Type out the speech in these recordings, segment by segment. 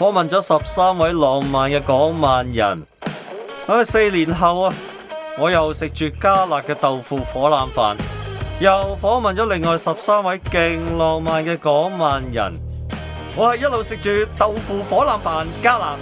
訪問咗十三位浪漫嘅港萬人，唉、哎，四年後啊，我又食住加辣嘅豆腐火腩飯，又訪問咗另外十三位勁浪漫嘅港萬人，我係一路食住豆腐火腩飯加辣，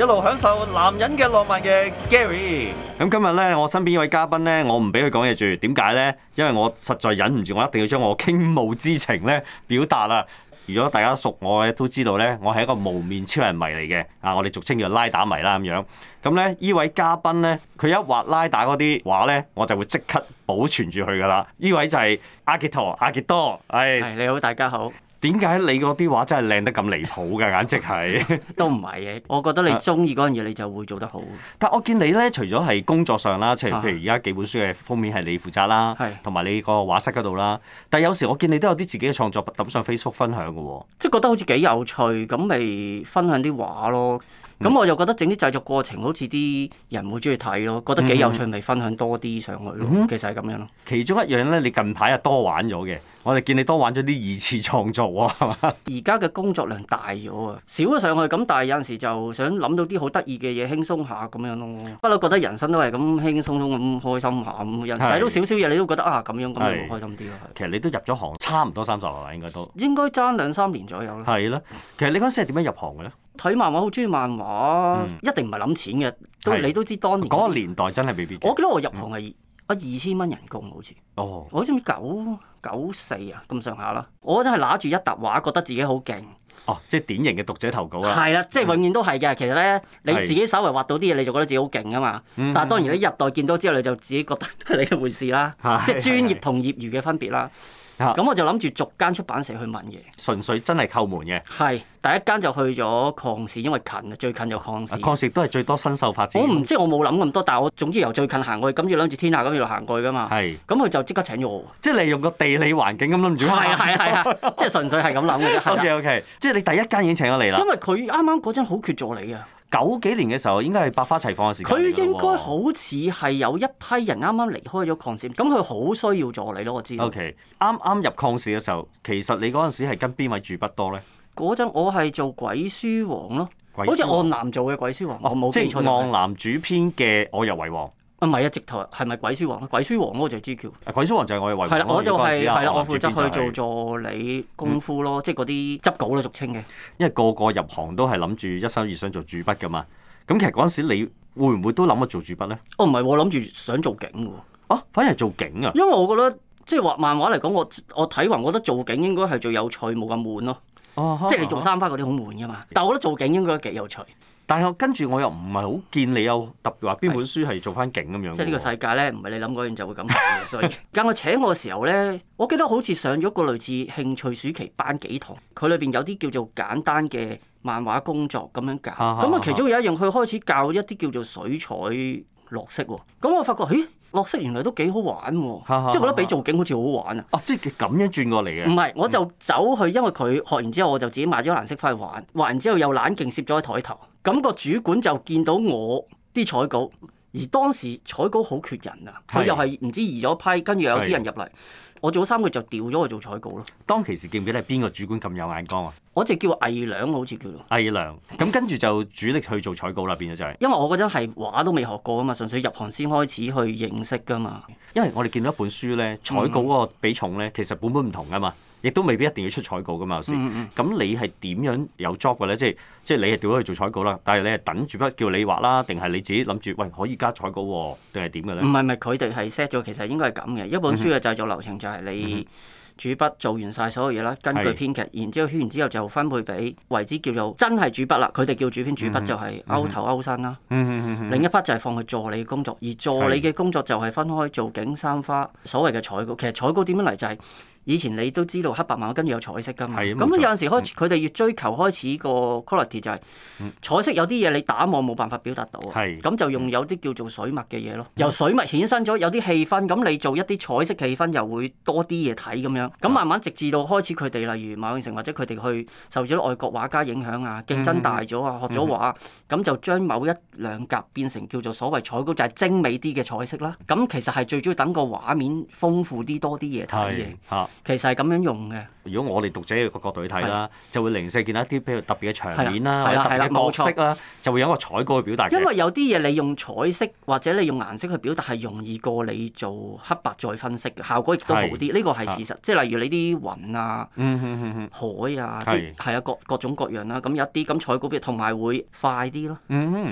一路享受男人嘅浪漫嘅 Gary。咁今日咧，我身邊呢位嘉賓咧，我唔俾佢講嘢住，點解呢？因為我實在忍唔住，我一定要將我傾慕之情咧表達啦。如果大家熟我嘅都知道咧，我係一個無面超人迷嚟嘅，啊，我哋俗稱叫拉打迷啦咁樣。咁咧，呢位嘉賓咧，佢一畫拉打嗰啲畫咧，我就會即刻保存住佢噶啦。呢位就係阿杰陀，阿杰多，唉，你好，大家好。點解你嗰啲畫真係靚得咁離譜㗎？簡直係都唔係嘅，我覺得你中意嗰樣嘢，你就會做得好。但係我見你咧，除咗係工作上啦，譬如譬如而家幾本書嘅封面係你負責啦，同埋係你個畫室嗰度啦。但係有時我見你都有啲自己嘅創作抌上 Facebook 分享嘅，即係覺得好似幾有趣，咁咪分享啲畫咯。咁、嗯、我就覺得整啲製作過程好似啲人會中意睇咯，覺得幾有趣，咪、嗯、分享多啲上去咯。嗯、哼其實係咁樣咯。其中一樣咧，你近排又多玩咗嘅。我哋見你多玩咗啲二次創作喎、啊。而家嘅工作量大咗啊，少咗上去。咁但係有陣時就想諗到啲好得意嘅嘢，輕鬆下咁樣咯。不嬲，覺得人生都係咁輕鬆鬆咁開心下咁。是有時睇到少少嘢，你都覺得啊，咁樣咁樣就開心啲咯。其實你都入咗行，差唔多三十啦，應該都應該爭兩,兩三年左右啦。係啦，其實你嗰陣時係點樣入行嘅咧？睇漫畫好中意漫畫，一定唔係諗錢嘅。都你都知當年嗰個年代真係未必。我記得我入行係一二千蚊人工，好似哦，好似九九四啊，咁上下啦。我覺得係揦住一沓畫，覺得自己好勁。哦，即係典型嘅讀者投稿啊。係啦，即係永遠都係嘅。其實咧，你自己稍微畫到啲嘢，你就覺得自己好勁啊嘛。但係當然你入袋見到之後，你就自己覺得係另一回事啦。即係專業同業餘嘅分別啦。咁、啊、我就諗住逐間出版社去問嘢，純粹真係叩門嘅。係第一間就去咗礦視，因為近啊，最近就礦視。礦視、啊、都係最多新秀發展。我唔知，我冇諗咁多，但係我總之由最近行過去，咁要諗住天下咁嚟行過去㗎嘛。係是。咁佢就即刻請咗我。即係利用個地理環境咁諗住。係啊係啊係啊！即係、啊啊啊、 純粹係咁諗嘅。啫、啊。O K O K，即係你第一間已經請咗你啦。因為佢啱啱嗰陣好缺助理啊。九幾年嘅時候，應該係百花齊放嘅時間，佢應該好似係有一批人啱啱離開咗抗市，咁佢好需要助理咯。我知 O K，啱啱入抗市嘅時候，其實你嗰陣時係跟邊位主筆多咧？嗰陣我係做鬼書王咯，王好似按南做嘅鬼書王。啊、我冇即係按南主編嘅《我入為王》。唔係啊，直頭係咪鬼書王？鬼書王嗰個就係朱橋。鬼書王就係我嘅為。係啦，我就係係啦，我負責去做助理功夫咯，嗯、即係嗰啲執稿啦，俗稱嘅。因為個個入行都係諗住一心二想做主筆噶嘛，咁其實嗰陣時你會唔會都諗咗做主筆咧？哦，唔係我諗住想做景喎，啊。哦，反而係做景啊？因為我覺得即係畫漫畫嚟講，我我睇畫，我覺得做景應該係最有趣，冇咁悶咯。哦。即係你做三番嗰啲好悶噶嘛？啊、但係我覺得做景應該幾有趣。但係跟住我又唔係好見你有特別話邊本書係做翻景咁是樣，即係呢個世界咧，唔係你諗嗰樣就會咁。所以，咁 我請我嘅時候咧，我記得好似上咗個類似興趣暑期班幾堂，佢裏邊有啲叫做簡單嘅漫畫工作咁樣教。咁啊，其中有一樣佢開始教一啲叫做水彩落色喎。咁我發覺，咦，落色原來都幾好玩喎， 即係覺得比做景好似好玩 啊。哦，即係咁樣轉過嚟嘅。唔係，我就走去，因為佢學完之後，我就自己買咗個顏色翻去玩，玩完之後又懶勁攝咗喺台頭。咁個主管就見到我啲彩稿，而當時彩稿好缺人啊，佢又係唔知移咗批，跟住有啲人入嚟，的我早三個月就掉咗去做彩稿咯。當其時記唔記得係邊個主管咁有眼光啊？我只叫魏良，好似叫做魏良。咁跟住就主力去做彩稿啦，變咗就係、是。因為我嗰陣係畫都未學過啊嘛，純粹入行先開始去認識㗎嘛。因為我哋見到一本書咧，彩稿嗰個比重咧，其實本本唔同啊嘛。亦都未必一定要出彩稿噶嘛，有時。咁、嗯嗯、你係點樣有 job 嘅咧？即係即係你係調咗去做彩稿啦，但係你係等主筆叫你畫啦，定係你自己諗住喂，可以加彩稿定係點嘅咧？唔係唔係，佢哋係 set 咗，其實應該係咁嘅。一本書嘅製作流程就係你主筆做完晒所有嘢啦，嗯嗯嗯，根據編劇，然之後編完之後就分配俾為之叫做真係主筆啦。佢哋叫主編主筆就係勾頭勾身啦。另一筆就係放去助理嘅工作，而助理嘅工作就係分開做景衫花。所謂嘅彩稿，是其實彩稿點樣嚟就係、是。以前你都知道黑白漫畫，跟住有彩色噶嘛。咁的有陣時開始，佢哋、嗯、越追求開始個 quality 就係、是嗯、彩色有啲嘢你打望冇辦法表達到。咁的就用有啲叫做水墨嘅嘢咯，嗯、由水墨衍生咗，有啲氣氛。咁你做一啲彩色氣氛，又會多啲嘢睇咁樣。咁慢慢直至到開始佢哋，例如馬永成或者佢哋去受咗外國畫家影響啊，競爭大咗啊，嗯、學咗畫，咁、嗯嗯、就將某一兩格變成叫做所謂彩稿，就係、是、精美啲嘅彩色啦。咁其實係最主要等個畫面豐富啲，多啲嘢睇嘅。其實係咁樣用嘅。如果我哋讀者個角度去睇啦，就會零舍見到一啲比較特別嘅場面啦，或者特別嘅角色啦，就會有個彩稿去表達。因為有啲嘢你用彩色或者你用顏色去表達係容易過你做黑白再分析嘅效果，亦都好啲。呢個係事實，即係例如你啲雲啊、海啊，係係啊各各種各樣啦。咁有一啲咁彩稿，同埋會快啲咯。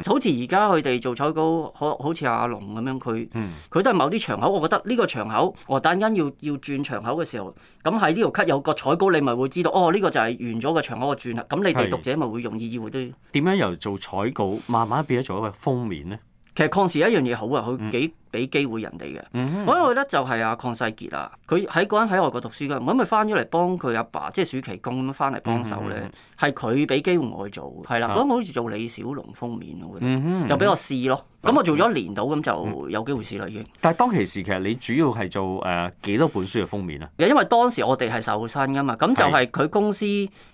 好似而家佢哋做彩稿，好似阿龍咁樣，佢佢都係某啲場口。我覺得呢個場口，我突然間要要轉場口嘅時候。咁喺呢度 cut 有個彩稿，你咪會知道哦。呢、呢個就係完咗嘅長嗰個轉啦。咁你哋讀者咪是會容易啲。點樣由做彩稿慢慢變咗做一個封面咧？其實抗視一樣嘢好啊，佢幾。嗯俾機會人哋嘅，我覺得、嗯、哼就係阿鄺世杰啦。佢喺嗰陣喺外國讀書嘅，咁咪翻咗嚟幫佢阿爸，即係暑期工咁翻嚟幫手咧。係佢俾機會我去做嘅，係啦。咁我好似做李小龍封面咯，就俾我試咯。咁、啊、我做咗一年到，咁就有機會試啦已經。但係當其時其實，你主要係做誒幾、呃、多本書嘅封面啊？因為當時我哋係受薪噶嘛，咁就係佢公司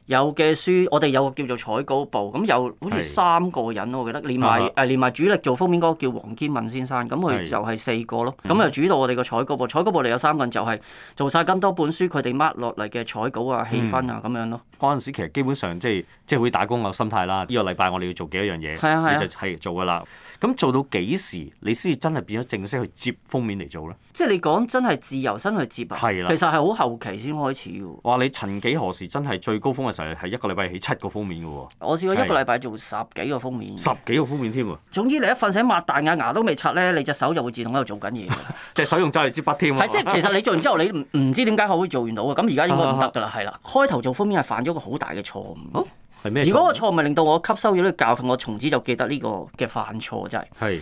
有嘅書，我哋有個叫做採稿部，咁有好似三個人我記得。連埋誒連埋主力做封面嗰個叫黃堅敏先生，咁佢就係係四個咯，咁啊主導我哋個採稿部，採稿部嚟有三個人，就係做晒咁多本書，佢哋 mark 落嚟嘅採稿啊、氣氛啊咁樣咯。嗰陣時其實基本上即係即係會打工嘅心態啦。呢個禮拜我哋要做幾多樣嘢、啊啊，你就係做噶啦。咁做到幾時，你先至真係變咗正式去接封面嚟做咧？即係你講真係自由身去接啊，的其實係好後期先開始嘅。哇！你曾幾何時真係最高峰嘅時候係一個禮拜起七個封面嘅喎。我試過一個禮拜做十幾個封面。的十幾個封面添喎。總之你一瞓醒擘大眼、啊、牙都未刷咧，你隻手就會自動喺度做緊嘢。隻 手用揸嚟支筆添。係即係其實你做完之後 你唔唔知點解可以做完到嘅，咁而家應該唔得噶啦，係啦。 開頭做封面係犯咗一個好大嘅錯誤。哦、啊，係咩？如果個錯誤咪令到我吸收咗呢個教訓，我從此就記得呢個嘅犯錯真係。係的。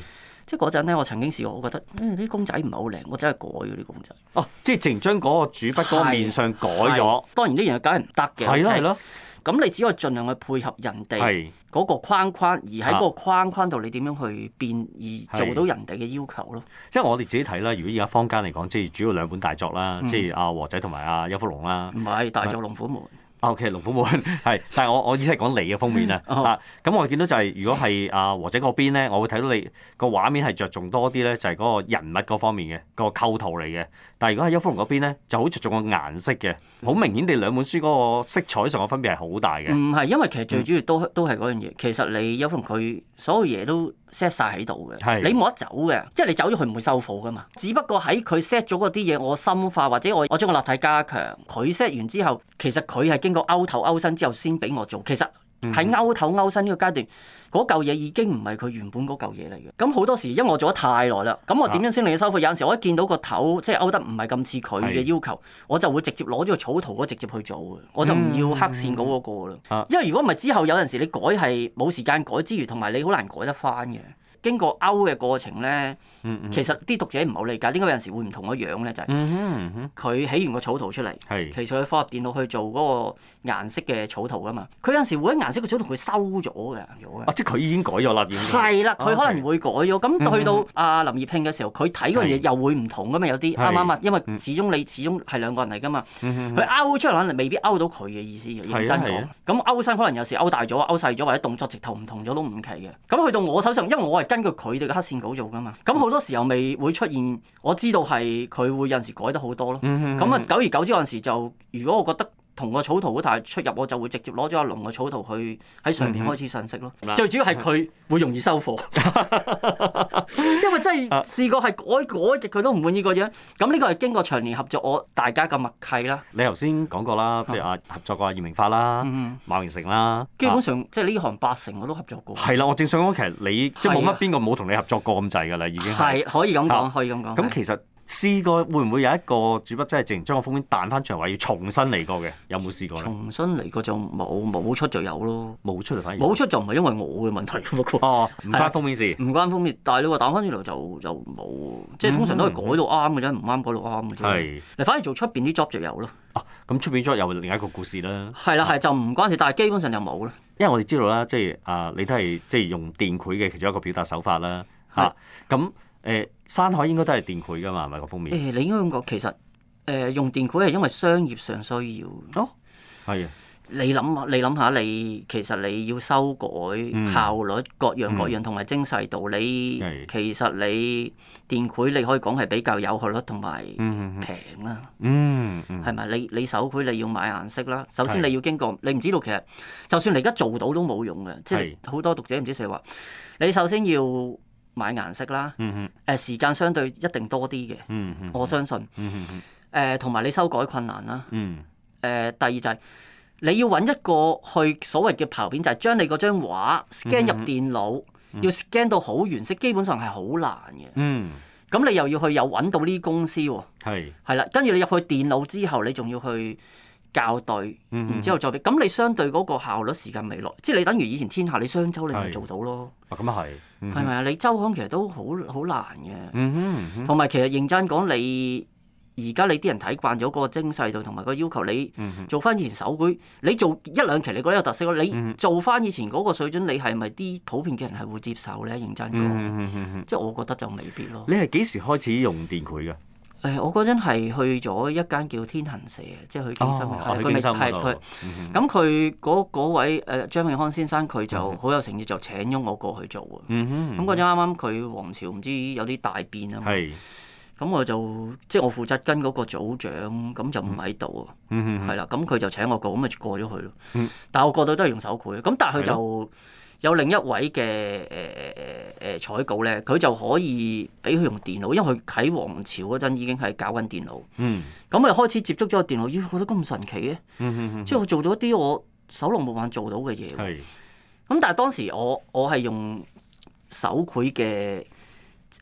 即係嗰陣咧，我曾經試過，我覺得誒啲、嗯、公仔唔係好靚，我真係改嗰啲公仔。哦、啊，即係直情將嗰個主筆嗰面相改咗。當然呢樣梗係唔得嘅。係咯係咯。咁 okay? 的你只可以盡量去配合人哋嗰個框框，的而喺嗰個框框度，你點樣去變而做到人哋嘅要求咯？因為我哋自己睇啦，如果而家坊間嚟講，即係主要兩本大作啦，嗯、即係阿和仔同埋阿邱福龍啦。唔係、嗯、大作龍虎門。Ok，其實龍虎門係，但係我我意思係講你嘅封面 啊，咁我見到就係、是、如果係啊和仔嗰邊咧，我會睇到你個畫面係着重多啲咧，就係嗰個人物嗰方面嘅、嗰個構圖嚟嘅。但係如果係邱福龍嗰邊咧，就好着重個顏色嘅，好明顯地兩本書嗰個色彩上嘅分別係好大嘅。唔係、嗯，因為其實最主要都都係嗰樣嘢。嗯、其實你邱福龍佢所有嘢都，set 晒喺度嘅，的你冇得走嘅，因為你走咗佢唔會收貨噶嘛。只不過喺佢 set 咗嗰啲嘢，我深化或者我我將個立體加強，佢 set 完之後，其實佢係經過勾頭勾身之後先俾我做。其實。喺勾頭勾身呢個階段，嗰嚿嘢已經唔係佢原本嗰嚿嘢嚟嘅。咁好多時因為我做咗太耐啦，咁我點樣先令佢收貨？啊、有陣時我一見到個頭即係勾得唔係咁似佢嘅要求，是的 我就會直接攞咗個草圖直接去做嘅，我就唔要黑線稿嗰個啦。啊、因為如果唔係之後有陣時你改係冇時間改之餘，同埋你好難改得翻嘅。經過勾嘅過程咧，其實啲讀者唔係好理解，點解有陣時會唔同嘅樣咧，就係佢起完個草圖出嚟，是其實佢放入電腦去做嗰個顏色嘅草圖噶嘛，佢有陣時會喺顏色嘅草圖佢收咗嘅，即係佢已經改咗啦，已經的。係啦、啊，佢可能會改咗，咁去的到阿林業鵬嘅時候，佢睇嗰樣嘢又會唔同噶嘛，有啲啱唔啱啊？因為始終你始終係兩個人嚟噶嘛，佢的勾出嚟可能未必勾到佢嘅意思嘅，認真講。係啊係啊。咁的的勾出可能有時勾大咗、勾細咗，或者動作直頭唔同咗都唔奇嘅。咁去到我手上，因為我係根據佢哋嘅黑線稿做㗎嘛，咁好多時候未會出現，我知道係佢會有時改得好多咯。咁啊，久而久之有陣時就，如果我覺得同個草圖好大出入，我就會直接攞咗阿龍嘅草圖去喺上面開始上色咯。最主要係佢會容易收貨，因為真係試過係改改極佢都唔滿意個樣。咁呢個係經過長年合作，我大家嘅默契啦。你頭先講過啦，即係阿合作過阿葉明發啦、馬榮成啦，基本上即係呢行八成我都合作過。係啦，我正想講其實你即係冇乜邊個冇同你合作過咁滯㗎啦，已經係。係可以咁講，可以咁講。咁其實。試過會唔會有一個主筆真係直情將個封面彈翻出嚟話，要重新嚟過嘅？有冇試過？重新嚟過就冇，冇出就有咯，冇出反而。冇出就唔係因為我嘅問題，不過，哦，唔關封面事，唔關封面。但係你話彈翻出嚟就就冇，即係通常都係改到啱嘅啫，唔啱改到啱嘅啫。係，嗱，反而做出邊啲 job 就有咯。哦，咁出邊 job 有另一個故事啦。Iro, 係啦，係就唔關事，但係基本上就冇咯。因為我哋知道啦，即係啊，你都係即係用電繪嘅其中一個表達手法啦。係的。咁誒？嗯山海應該都係電繪噶嘛，係咪個封面？誒，你應該咁講，其實誒用電繪係因為商業上需要。哦，係啊。你諗下，你諗下，你其實你要修改效率各樣各樣，同埋精細度，你其實你電繪你可以講係比較有效率同埋平啦。嗯嗯。係咪？你你手繪你要買顏色啦，首先你要經過，你唔知道其實就算你而家做到都冇用嘅，即係好多讀者唔知寫話，你首先要。買顏色啦，誒時間相對一定多啲嘅，我相信。誒同埋你修改困難啦。誒第二就係你要揾一個去所謂嘅刨片，就係將你嗰張畫 scan 入電腦，要 scan 到好原色，基本上係好難嘅。咁你又要去有揾到呢啲公司，係係啦。跟住你入去電腦之後，你仲要去校對，然之後再畀，咁，你相對嗰個效率時間未來，即係你等於以前天下你商周你咪做到咯。啊，咁啊係。係咪啊？你周刊其實都好好難嘅，同埋、嗯嗯、其實認真講你，你而家你啲人睇慣咗個精細度同埋個要求，你做翻以前手繪，你做一兩期你覺得有特色咯。你做翻以前嗰個水準，你係咪啲普遍嘅人係會接受咧？認真講，嗯嗯、即係我覺得就未必咯。你係幾時開始用電繪嘅？誒，我嗰陣係去咗一間叫天行社，即係去邊心嘅，佢咪係佢。咁佢嗰位誒張永康先生，佢就好有誠意，就請咗我過去做。咁嗰陣啱啱佢王朝唔知有啲大變啊嘛。咁我就即係我負責跟嗰個組長，咁就唔喺度啊。係啦，咁佢就請我過，咁咪過咗去咯。但係我過到都係用手繪，咁但係佢就。有另一位嘅誒誒誒採稿咧，佢就可以俾佢用電腦，因為佢喺王朝嗰陣已經係搞緊電腦。嗯，咁佢開始接觸咗個電腦，咦、哎，覺得咁神奇嘅。即係佢做到一啲我手動冇辦法做到嘅嘢。係是。咁、嗯、但係當時我我係用手繪嘅。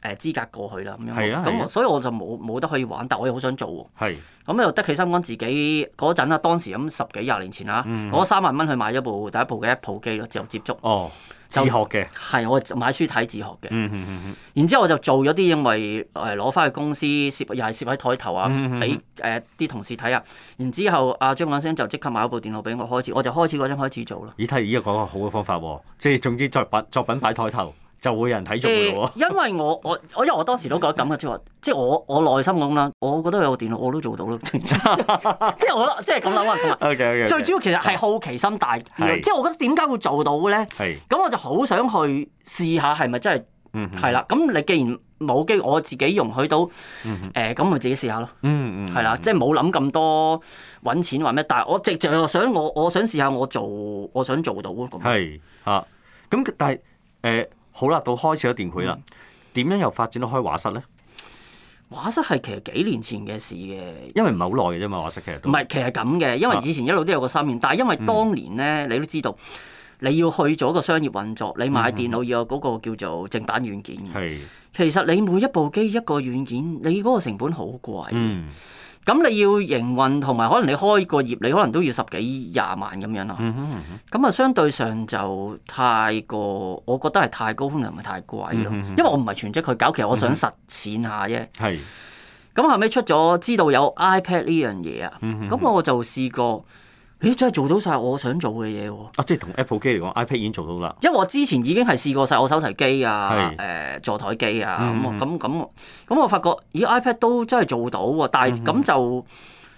誒資格過去啦咁樣，咁、嗯嗯、所以我就冇冇得可以玩，但我又好想做喎。咁又、嗯嗯、得起心肝自己嗰陣啊，當時咁十幾廿年前啊，我、那個、三萬蚊去買咗部第一部嘅 Apple 機就接觸。哦，自學嘅係我買書睇自學嘅。嗯、哼哼然之後我就做咗啲，因為誒攞翻去公司攝，又係攝喺台頭、呃、啊，俾誒啲同事睇啊。然之後阿張廣聲就即刻買咗部電腦俾我開始，我就開始嗰陣開，開始做啦。咦？睇嚟依個講個好嘅方法喎，即係總之作品作品擺台頭，就會有人睇中嘅喎，因為我我我因為我當時都覺得咁嘅，即係話，即係我我內心咁啦，我覺得有個電腦我都做到咯，即係我覺得，即係咁諗啊，最主要其實係好奇心大，即係我覺得點解會做到咧？咁我就好想去試下係咪真係，係啦。咁你既然冇機，我自己容許到誒，咁咪自己試下咯。嗯嗯，係啦，即係冇諗咁多揾錢話咩？但係我直直想我我想試下我做，我想做到咁係啊，咁但係誒。好啦，到開始咗段佢咗電繪啦，點、嗯、樣又發展到開畫室呢？畫室係其實幾年前嘅事嘅，因為唔係好耐嘅啫嘛。畫室其實都唔係，其實咁嘅，因為以前一路都有個心願，啊、但係因為當年呢，嗯、你都知道你要去咗個商業運作，你買電腦要有嗰個叫做正版軟件、嗯、其實你每一部機一個軟件，你嗰個成本好貴。嗯。咁你要營運同埋可能你開個業，你可能都要十幾廿萬咁樣啊。咁啊、嗯嗯，就相對上就太過，我覺得係太高風險，唔係太貴咯。嗯哼嗯哼，因為我唔係全職去搞，其實我想實踐下啫。係、嗯。咁後尾出咗知道有 iPad 呢樣嘢啊，咁、嗯嗯、我就試過。咦、欸，真係做到晒我想做嘅嘢喎！啊，即係同 Apple 機嚟講，iPad 已經做到啦。因為我之前已經係試過晒我手提機啊、誒是、呃、座台機啊，咁咁咁咁，我發覺咦 iPad 都真係做到喎、啊。但係咁就、嗯、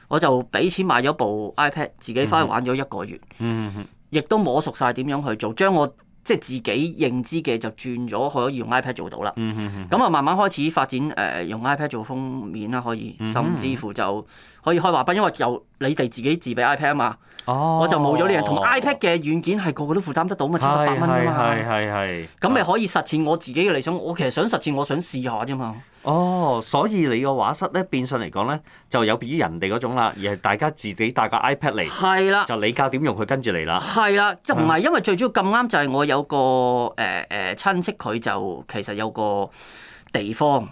我就俾錢買咗部 iPad，自己返去玩咗一個月，亦、嗯嗯嗯、都摸熟晒點樣去做，將我即係自己認知嘅就轉咗可以用 iPad 做到啦。咁啊、嗯，嗯嗯、慢慢開始發展誒、呃、用 iPad 做封面啦、啊，可以，甚至乎就可以開畫筆，因為由你哋自己自備 iPad 啊嘛。哦，oh, 我就冇咗呢樣，同埋 iPad 嘅軟件係個個都負擔得到嘛，七十八蚊啫嘛。係係係，咁咪可以實踐我自己嘅理想，我其實想實踐，我想試下啫嘛。哦，oh, 所以你個畫室咧，變相嚟講咧，就有別於人哋嗰種啦，而係大家自己帶個 iPad 嚟，係啦，就你教點用佢跟住嚟啦。係啦，就唔係因為最主要咁啱就係我有個誒誒、呃呃、親戚佢就其實有個。地方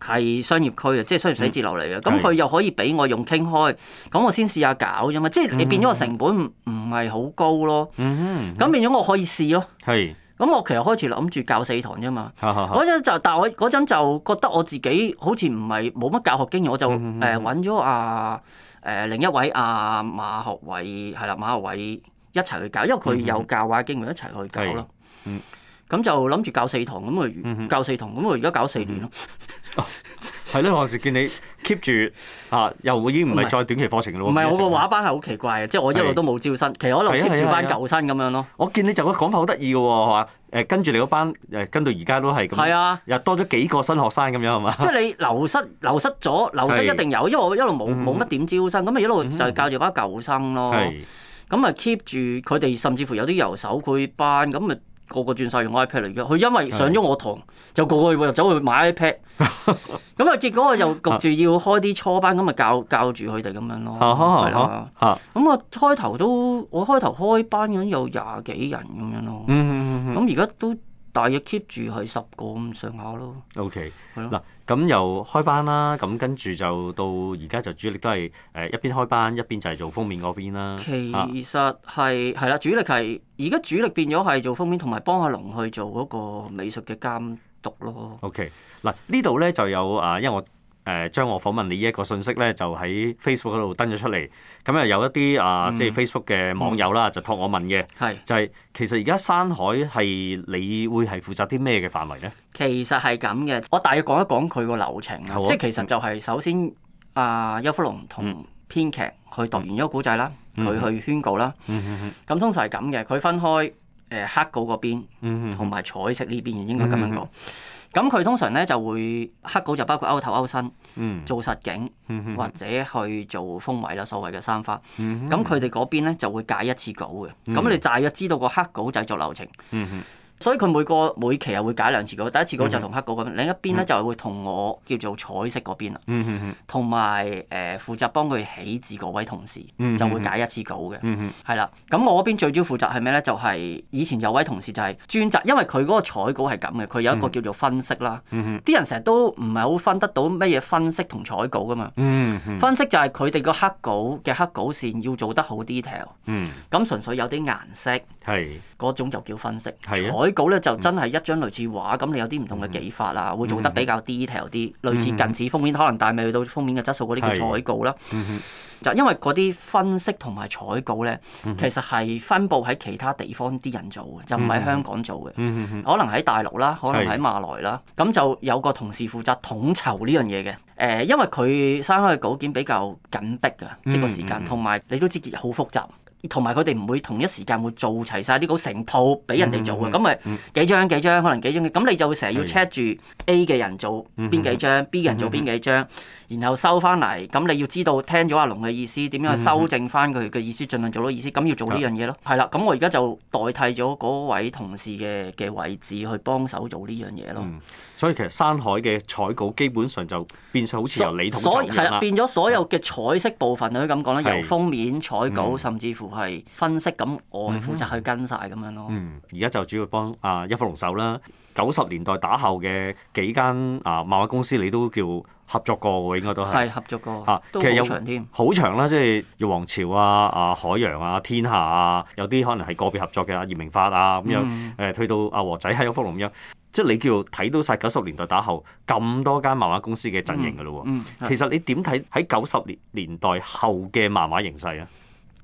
係商業區啊，即係商業寫字樓嚟嘅，咁佢又可以俾我用傾開，咁我先試下搞啫嘛，即係你變咗個成本唔係好高咯。嗯，咁變咗我可以試咯。係，咁我其實開始諗住教四堂啫嘛。嗰陣就，但係我嗰陣就覺得我自己好似唔係冇乜教學經驗，我就誒揾咗阿誒另一位阿馬學偉，係啦，馬學偉一齊去搞，因為佢有教畫經驗，一齊去搞咯。嗯。咁就諗住教四堂，咁咪教四堂，咁我而家教四年咯。係咯，我時見你 keep 住啊？又會已經唔係再短期課程咯。唔係我個畫班係好奇怪嘅，即係我一路都冇招生，其實可能 keep 住班舊生咁樣咯。我見你就個講法好得意嘅喎，係嘛？誒跟住你嗰班誒跟到而家都係咁。係啊，又多咗幾個新學生咁樣係嘛？即係你流失流失咗，流失一定有，因為我一路冇冇乜點招生，咁咪一路就教住班舊生咯。係。咁啊 keep 住佢哋，甚至乎有啲由手繪班咁啊。個個轉晒用 iPad 嚟嘅，佢因為上咗我堂，是的 就個個又走去買 iPad。咁啊， 結果我又焗住要開啲初班，咁咪 教教住佢哋咁樣咯。係咯，咁啊，開頭都我開頭開班咁有廿幾人咁樣咯。咁而家都。嗯嗯大約 keep 住係十個咁上下咯。OK，係咯。嗱、啊，咁由開班啦，咁跟住就到而家就主力都係誒、呃、一邊開班一邊就係做封面嗰邊啦。其實係係啦，主力係而家主力變咗係做封面，同埋幫阿龍去做嗰個美術嘅監督咯。OK，嗱呢度咧就有啊，因為我。誒將我訪問你呢一個信息咧，就喺 Facebook 嗰度登咗出嚟。咁、嗯、啊，有一啲啊，即係 Facebook 嘅網友啦，就託我問嘅，是就係其實而家山海係你會係負責啲咩嘅範圍咧？其實係咁嘅，我大約講一講佢個流程啊。即係其實就係首先啊，邱福龍同編劇去讀完咗古仔啦，佢、嗯嗯嗯、去宣告啦。咁、嗯嗯、通常係咁嘅，佢分開誒黑稿嗰邊，同埋、嗯、哼彩色呢邊，應該咁樣講。嗯咁佢通常咧，就會黑稿就包括勾頭勾身，嗯、做實景、嗯嗯、或者去做封位啦，所謂嘅三花。咁佢哋嗰邊咧就會解一次稿嘅，咁、嗯、你大約知道個黑稿製作流程。嗯嗯嗯所以佢每個每期又會解兩次稿，第一次稿就同黑稿嗰邊，另一邊咧就係會同我叫做彩色嗰邊啦，同埋誒負責幫佢起字嗰位同事就會解一次稿嘅，係啦。咁 我嗰邊最主要負責係咩咧？就係以前有位同事就係專責，因為佢嗰個彩稿係咁嘅，佢有一個叫做分析啦。啲 人成日都唔係好分得到乜嘢分析同彩稿噶嘛。分析就係佢哋個黑稿嘅黑稿線要做得好 detail。咁純粹有啲顏色係嗰 種就叫分析，彩 稿咧就真係一張類似畫，咁你有啲唔同嘅技法啊，嗯、會做得比較 detail 啲，嗯、類似近似封面，嗯、可能但係未去到封面嘅質素，嗰啲叫彩稿啦。嗯、就因為嗰啲分析同埋彩稿咧，其實係分布喺其他地方啲人做嘅，就唔係香港做嘅，嗯嗯嗯嗯。可能喺大陸啦，可能喺馬來啦，咁的就有個同事負責統籌呢樣嘢嘅。誒、呃，因為佢刪開嘅稿件比較緊逼啊，即個時間，同埋你都知好複雜。同埋佢哋唔會同一時間會做齊晒啲稿成套俾人哋做嘅，咁咪、嗯嗯、幾張幾張，嗯、可能幾張嘅，咁、嗯、你就會成日要 check 住 A 嘅人做邊幾張，B 嘅人做邊幾張，然後收翻嚟，咁你要知道聽咗阿龍嘅意思，點樣修正翻佢嘅意思，儘量做到意思，咁、嗯嗯、要做呢樣嘢咯。係啦的，咁我而家就代替咗嗰位同事嘅嘅位置去幫手做呢樣嘢咯。嗯。所以其實山海嘅彩稿基本上就變晒，好似由你同一啦。係啦，變咗所有嘅彩色部分，可以咁講啦，由封面彩稿，甚至乎係分析。咁我係負責去跟晒咁樣咯。嗯，而家就主要幫啊一福龍手啦。九十年代打後嘅幾間啊漫畫公司，你都叫合作過嘅，應該都係。係合作過。嚇，其實有長添好長啦，即係《玉皇朝》啊，《啊海洋》啊，《天下》啊，有啲可能係個別合作嘅啊葉明發啊咁樣。嗯。誒，推到阿和仔係一福龍咁樣。即係你叫睇到晒九十年代打後咁多間漫畫公司嘅陣營㗎咯喎，嗯嗯、其實你點睇喺九十年年代後嘅漫畫形勢啊？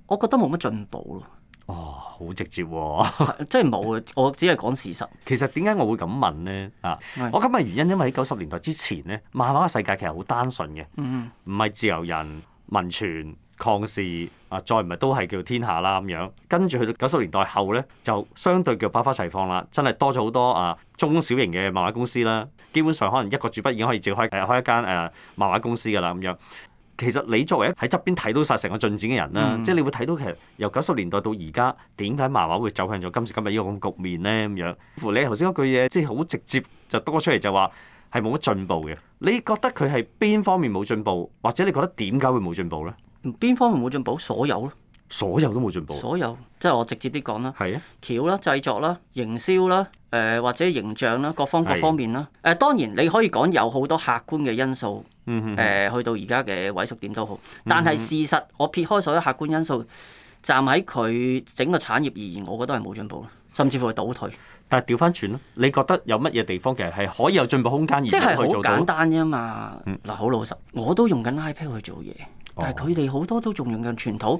我覺得冇乜進步咯。哦，好直接喎、啊，即係冇啊！我只係講事實。 其實點解我會咁問咧？啊的，我今日原因因為喺九十年代之前咧，漫畫嘅世界其實好單純嘅，唔係、嗯嗯、自由人民存。抗事啊，再唔係都係叫天下啦。咁樣跟住去到九十年代後咧，就相對叫百花齊放啦。真係多咗好多啊，中小型嘅漫畫公司啦。基本上可能一個主筆已經可以照開誒、啊、開一間誒、啊、漫畫公司噶啦。咁樣其實你作為喺側邊睇到晒成個進展嘅人啦，嗯、即係你會睇到其實由九十年代到而家，點解漫畫會走向咗今時今日呢個咁局面咧？咁樣，乎你頭先嗰句嘢，即係好直接就多出嚟就話係冇乜進步嘅。你覺得佢係邊方面冇進步，或者你覺得點解會冇進步咧？邊方面冇進步？所有咯，所有都冇進步。所有，即係我直接啲講啦。係啊，橋啦，製作啦，營銷啦，誒或者形象啦，各方各方面啦。誒，當然你可以講有好多客觀嘅因素，誒去到而家嘅位數點都好。但係事實我撇開所有客觀因素，站喺佢整個產業而言，我覺得係冇進步，甚至乎係倒退。但係調翻轉咯，你覺得有乜嘢地方其實係可以有進步空間而即係好簡單啫嘛。嗱，好老實，我都用緊 iPad 去做嘢。但係佢哋好多都仲用用傳統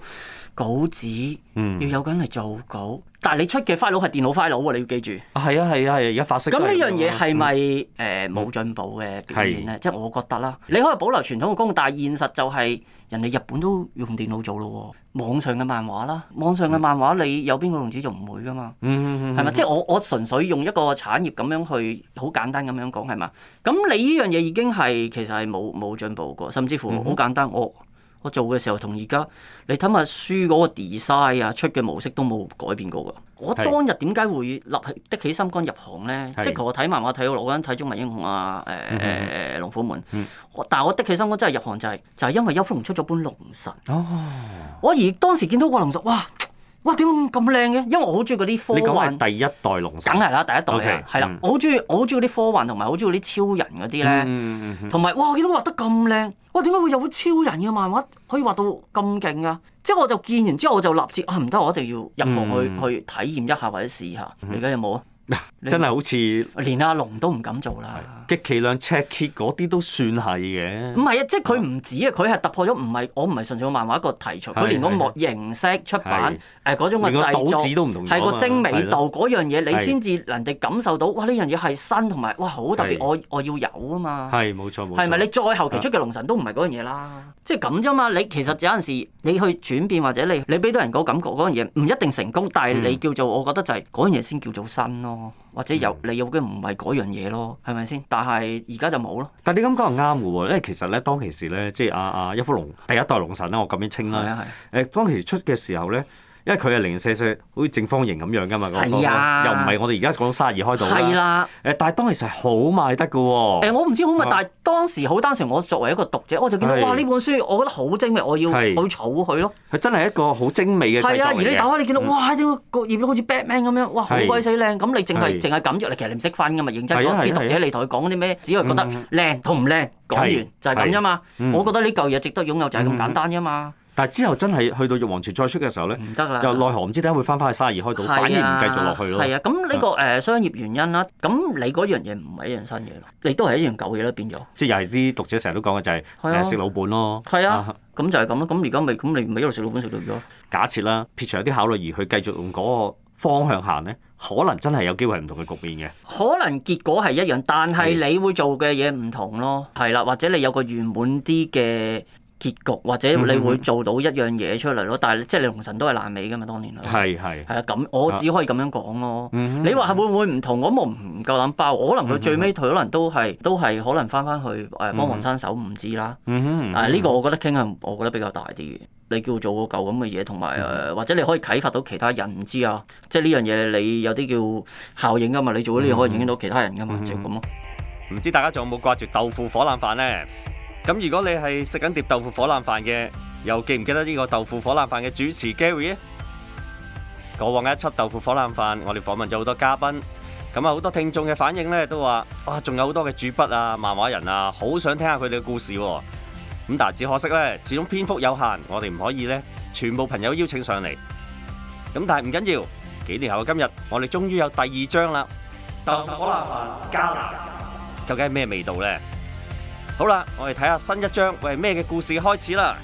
稿紙，要有緊嚟做稿。但係你出嘅 file 係電腦 file 喎，你要記住。係啊係啊係，而家、啊、發式。咁呢樣嘢係咪誒冇進步嘅表現咧？呢嗯、即係我覺得啦，你可以保留傳統嘅工，但係現實就係人哋日本都用電腦做咯喎。網上嘅漫畫啦，網上嘅漫畫你有邊個用紙就唔會㗎嘛？嗯係咪？吧嗯、即係我我純粹用一個產業咁樣去好簡單咁樣講係嘛？咁你呢樣嘢已經係其實係冇冇進步過，甚至乎好簡單我。我做嘅時候同而家，你睇下書嗰個 design 啊，出嘅模式都冇改變過㗎。我當日點解會立起的是起心肝入行咧？是即係我睇埋我睇我嗰陣睇《中華英雄》啊、呃，誒誒、mm hmm. 龍虎門。Mm hmm. 但係我的起心肝真係入行就係、是、就係、是、因為邱福龍出咗本《龍神》。Oh. 我而當時見到個龍神，哇！哇！點咁靚嘅？因為我好中意嗰啲科幻第，第一代龍，梗係啦，第一代啦，係啦，我好中意，我好中意啲科幻同埋好中意啲超人嗰啲咧，同埋哇！我見到畫得咁靚，哇！點解會有超人嘅漫畫可以畫到咁勁啊？即係我就見完之後，我就立即啊，唔得，我一定要入行去、嗯、去體驗一下或者試下。你而家有冇啊？嗯嗯嗯嗯真係好似連阿龍都唔敢做啦，極其量尺揭嗰啲都算係嘅。唔係啊，即係佢唔止啊，佢係突破咗，唔係我唔係純粹漫畫一個題材，佢連個模形式出版誒嗰種個製作，係個精美度嗰樣嘢，你先至人哋感受到哇呢樣嘢係新同埋哇好特別，我我要有啊嘛。係冇錯冇錯。係咪你再後期出嘅龍神都唔係嗰樣嘢啦？即係咁啫嘛。你其實有陣時你去轉變或者你你俾到人個感覺嗰樣嘢唔一定成功，但係你叫做我覺得就係嗰樣嘢先叫做新咯。或者有、嗯、你要嘅唔係嗰樣嘢咯，係咪先？但係而家就冇咯。但你咁講又啱嘅喎，因為其實咧當其時咧，即係阿阿一夫龍第一代龍神咧，我咁樣稱啦。係啊係。誒，當其時出嘅時候咧。因為佢係零四四，好似正方形咁樣噶嘛，又唔係我哋而家講卅二開度啦。係啦，誒，但係當時係好賣得噶喎。我唔知好唔好賣，但係當時好單純。我作為一個讀者，我就見到哇，呢本書我覺得好精美，我要去儲佢咯。佢真係一個好精美嘅製作。係啊，而你打開你見到哇，啲個頁好似 Batman 咁樣，哇，好鬼死靚。咁你淨係淨係撳着，你其實你唔識分噶嘛，認真啲讀者你同佢講啲咩，只係覺得靚同唔靚。講完就係咁啫嘛。我覺得呢嚿嘢值得擁有就係咁簡單啫嘛。但係之後真係去到玉皇朝再出嘅時候咧，唔得啦就奈何唔知點解會翻返去沙二開到，反而唔繼續落去咯。係啊，咁呢個誒商業原因啦。咁你嗰樣嘢唔係一樣新嘢咯，你都係一樣舊嘢啦，變咗。即係又係啲讀者成日都講嘅就係係、啊、食老本咯,咯。係啊，咁就係咁咯。咁而家咪咁你咪一路食老本食到。咗。假設啦，撇除有啲考慮而去繼續用嗰個方向行咧，可能真係有機會係唔同嘅局面嘅。可能結果係一樣，但係你會做嘅嘢唔同咯。係啦，或者你有個圓滿啲嘅。結局或者你會做到一樣嘢出嚟咯，嗯、哼但係即係你同神都係爛尾嘅嘛，當年係係係啊，咁，我只可以咁樣講咯。嗯、哼你話係會唔會唔同？咁我唔夠膽包我可，可能佢最尾佢可能都係都係可能翻翻去誒幫黃山手。唔知啦。呢、嗯、哼個我覺得傾向我覺得比較大啲嘅。你叫做個舊咁嘅嘢，同埋誒或者你可以啟發到其他人唔知啊。即係呢樣嘢你有啲叫效應㗎嘛？你做咗呢樣可以影響到其他人㗎嘛？就咁咯。唔、嗯、哼知大家仲有冇掛住豆腐火腩飯咧？咁如果你係食緊碟豆腐火腩飯嘅，又記唔記得呢個豆腐火腩飯嘅主持 Gary 咧？過往一輯豆腐火腩飯，我哋訪問咗好多嘉賓，咁啊好多聽眾嘅反應咧都話：哇、啊，仲有好多嘅主筆啊、漫畫人啊，好想聽下佢哋嘅故事喎、啊。咁但係只可惜咧，始終篇幅有限，我哋唔可以咧全部朋友邀請上嚟。咁但係唔緊要，幾年後嘅今日，我哋終於有第二章啦！豆腐火腩飯加辣，究竟係咩味道咧？好啦，我哋睇下新一章，為咩嘅故事開始啦？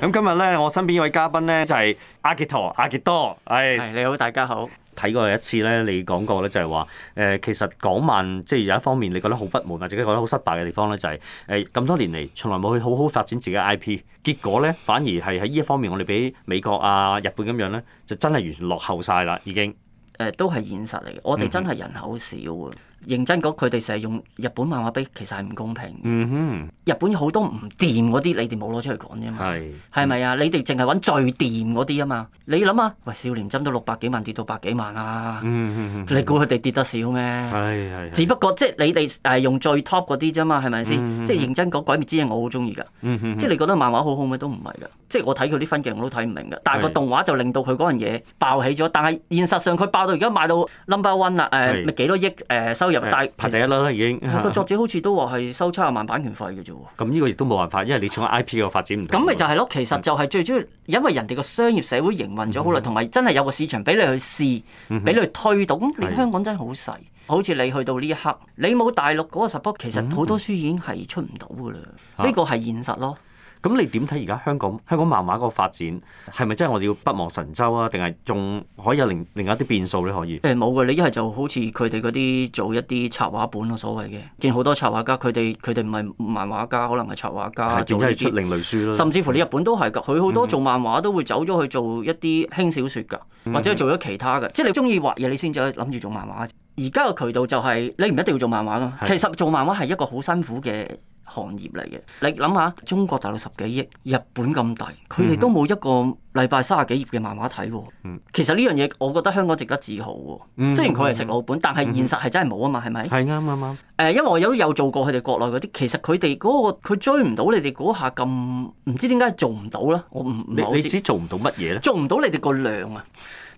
咁今日咧，我身邊呢位嘉賓咧就係、是、阿杰多、阿杰多，係、哎，你好，大家好。睇過一次咧，你講過咧就係話，誒、呃、其實港漫即係有一方面，你覺得好不滿呀自己覺得好失敗嘅地方咧，就係誒咁多年嚟從來冇去好好發展自己 IP，結果咧反而係喺呢一方面，我哋俾美國啊、日本咁樣咧，就真係完全落後晒啦，已經。誒、呃，都係現實嚟嘅，我哋真係人口少。嗯認真講，佢哋成日用日本漫畫比，其實係唔公平。嗯、哼日本好多唔掂嗰啲，你哋冇攞出嚟講啫嘛。係是，係咪啊？嗯、哼你哋淨係揾最掂嗰啲啊嘛？你諗下，喂，少年針都六百幾萬跌到百幾萬啊。嗯、哼你估佢哋跌得少咩？係係。只不過即係你哋誒用最 top 嗰啲啫嘛，係咪先？嗯、哼即係認真講，《鬼滅之刃》我好中意噶。即係你覺得漫畫好好咩？都唔係噶。即係我睇佢啲分鏡，我都睇唔明噶。但係個動畫就令到佢嗰樣嘢爆起咗。但係現實上，佢爆到而家賣到 number one 啦。誒、呃，咪、呃、幾多億誒、呃呃呃呃、收？入大排第一啦，已經。佢個作者好似都話係收七十萬版權費嘅啫喎。咁呢個亦都冇辦法，因為你從 I P 個發展唔到。咁咪就係咯，其實就係最主要，因為人哋個商業社會營運咗好耐，同埋、mm hmm. 真係有個市場俾你去試，俾你去推動。你香港真係 好細，好似你去到呢一刻，你冇大陸嗰個 support，其實好多書已經係出唔到嘅啦。呢個係現實咯。咁你點睇而家香港香港漫畫嗰個發展係咪真係我哋要北望神州啊？定係仲可以有另另一啲變數咧？可以誒冇嘅，你一係就好似佢哋嗰啲做一啲插畫本咯，所謂嘅見好多插畫家，佢哋佢哋唔係漫畫家，可能係插畫家，甚至係出另類書咯。甚至乎你日本都係㗎，佢好多做漫畫都會走咗去做一啲輕小說㗎，嗯、或者做咗其他嘅。嗯、即係你中意畫嘢，你先至去諗住做漫畫。而家嘅渠道就係你唔一定要做漫畫咯。的其實做漫畫係一個好辛苦嘅。行業嚟嘅，你諗下，中國大陸十幾億，日本咁大，佢哋都冇一個禮拜三十幾頁嘅漫畫睇喎。嗯、其實呢樣嘢，我覺得香港值得自豪喎。嗯、雖然佢係食老本，嗯、但係現實係真係冇啊嘛，係咪、嗯？係啱啱啱。誒，因為我有有做過佢哋國內嗰啲，其實佢哋嗰個佢追唔到你哋嗰下咁，唔知點解做唔到啦。我唔唔你知你，你知做唔到乜嘢咧？做唔到你哋個量啊！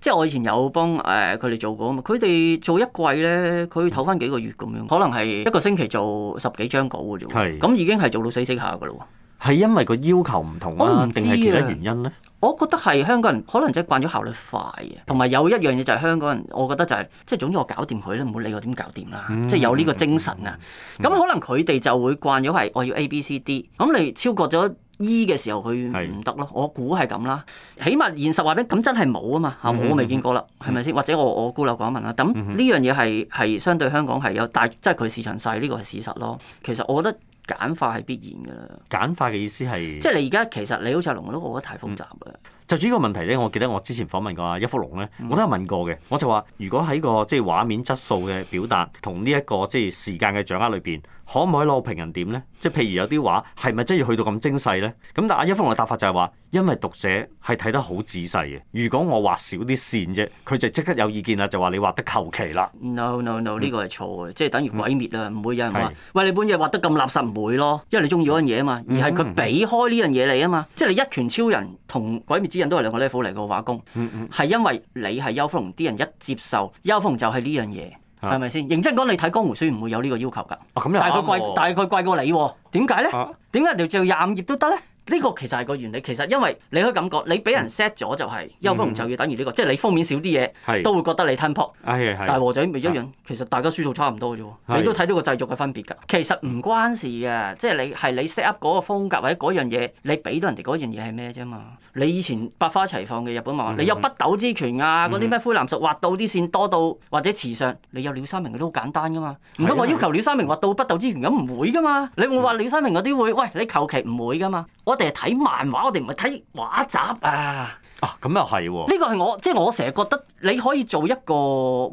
即係我以前有幫誒佢哋做過啊嘛，佢哋做一季咧，佢唞翻幾個月咁樣，可能係一個星期做十幾張稿嘅啫喎。係是，咁已經係做到死死下嘅嘞喎。係因為個要求唔同啦、啊，定係其他原因咧？我覺得係香港人可能即係慣咗效率快嘅，同埋有，有一樣嘢就係香港人，我覺得就係、是、即係總之我搞掂佢咧，唔好理我點搞掂啦，嗯、即係有呢個精神啊。咁、嗯嗯、可能佢哋就會慣咗係我要 A B C D，咁你超過咗。醫嘅時候佢唔得咯，是我估係咁啦。起碼現實話畀你，咁真係冇啊嘛嚇，嗯、哼我未見過啦，係咪先？嗯、哼或者我我孤陋寡聞啦。咁呢、嗯、哼樣嘢係係相對香港係有但，即係佢市場細，呢個係事實咯。其實我覺得簡化係必然嘅啦。簡化嘅意思係即係你而家其實你好似阿龍都，我覺得太複雜啦、嗯。就住呢個問題咧，我記得我之前訪問過阿一福龍咧，我都有問過嘅。我就話如果喺個即係畫面質素嘅表達同呢一個即係時間嘅掌握裏邊。可唔可以攞平衡點呢？即係譬如有啲畫係咪真係要去到咁精細呢？咁但阿邱福龍嘅答法就係話，因為讀者係睇得好仔細嘅。如果我畫少啲線啫，佢就即刻有意見啦，就話你畫得求其啦。No no no，呢個係錯嘅，即係等於毀滅啦。唔、嗯、會有人話是喂，你本嘢畫得咁垃圾，唔會咯，因為你中意嗰樣嘢啊嘛。而係佢俾開呢樣嘢你啊嘛，嗯、即係你一拳超人同鬼滅之刃都係兩個 level 嚟嘅畫功，係、嗯嗯、因為你係邱福龍啲人一接受邱福龍就係呢樣嘢。係咪先？認真講，你睇《江湖》書唔會有呢個要求㗎，啊、但係佢貴，但係佢貴過你，點解咧？點解條帳廿五頁都得咧？呢個其實係個原理，其實因為你可以感覺，你俾人 set 咗就係邱福龍就要等於呢個，即係你封面少啲嘢，都會覺得你吞泡。係係。大和仔咪一樣，其實大家輸數差唔多嘅啫。你都睇到個製作嘅分別㗎。其實唔關事嘅，即係你係你 set up 嗰個風格或者嗰樣嘢，你俾到人哋嗰樣嘢係咩啫嘛？你以前百花齊放嘅日本漫，你有北斗之拳啊，嗰啲咩灰藍術畫到啲線多到，或者磁上，你有鳥山明佢都好簡單㗎嘛？唔通我要求鳥山明畫到北斗之拳咁？唔會㗎嘛？你會畫鳥山明嗰啲會，喂你求其唔會㗎嘛？我哋係睇漫畫，我哋唔係睇畫集啊！啊，咁又係喎。呢個係我，即係我成日覺得你可以做一個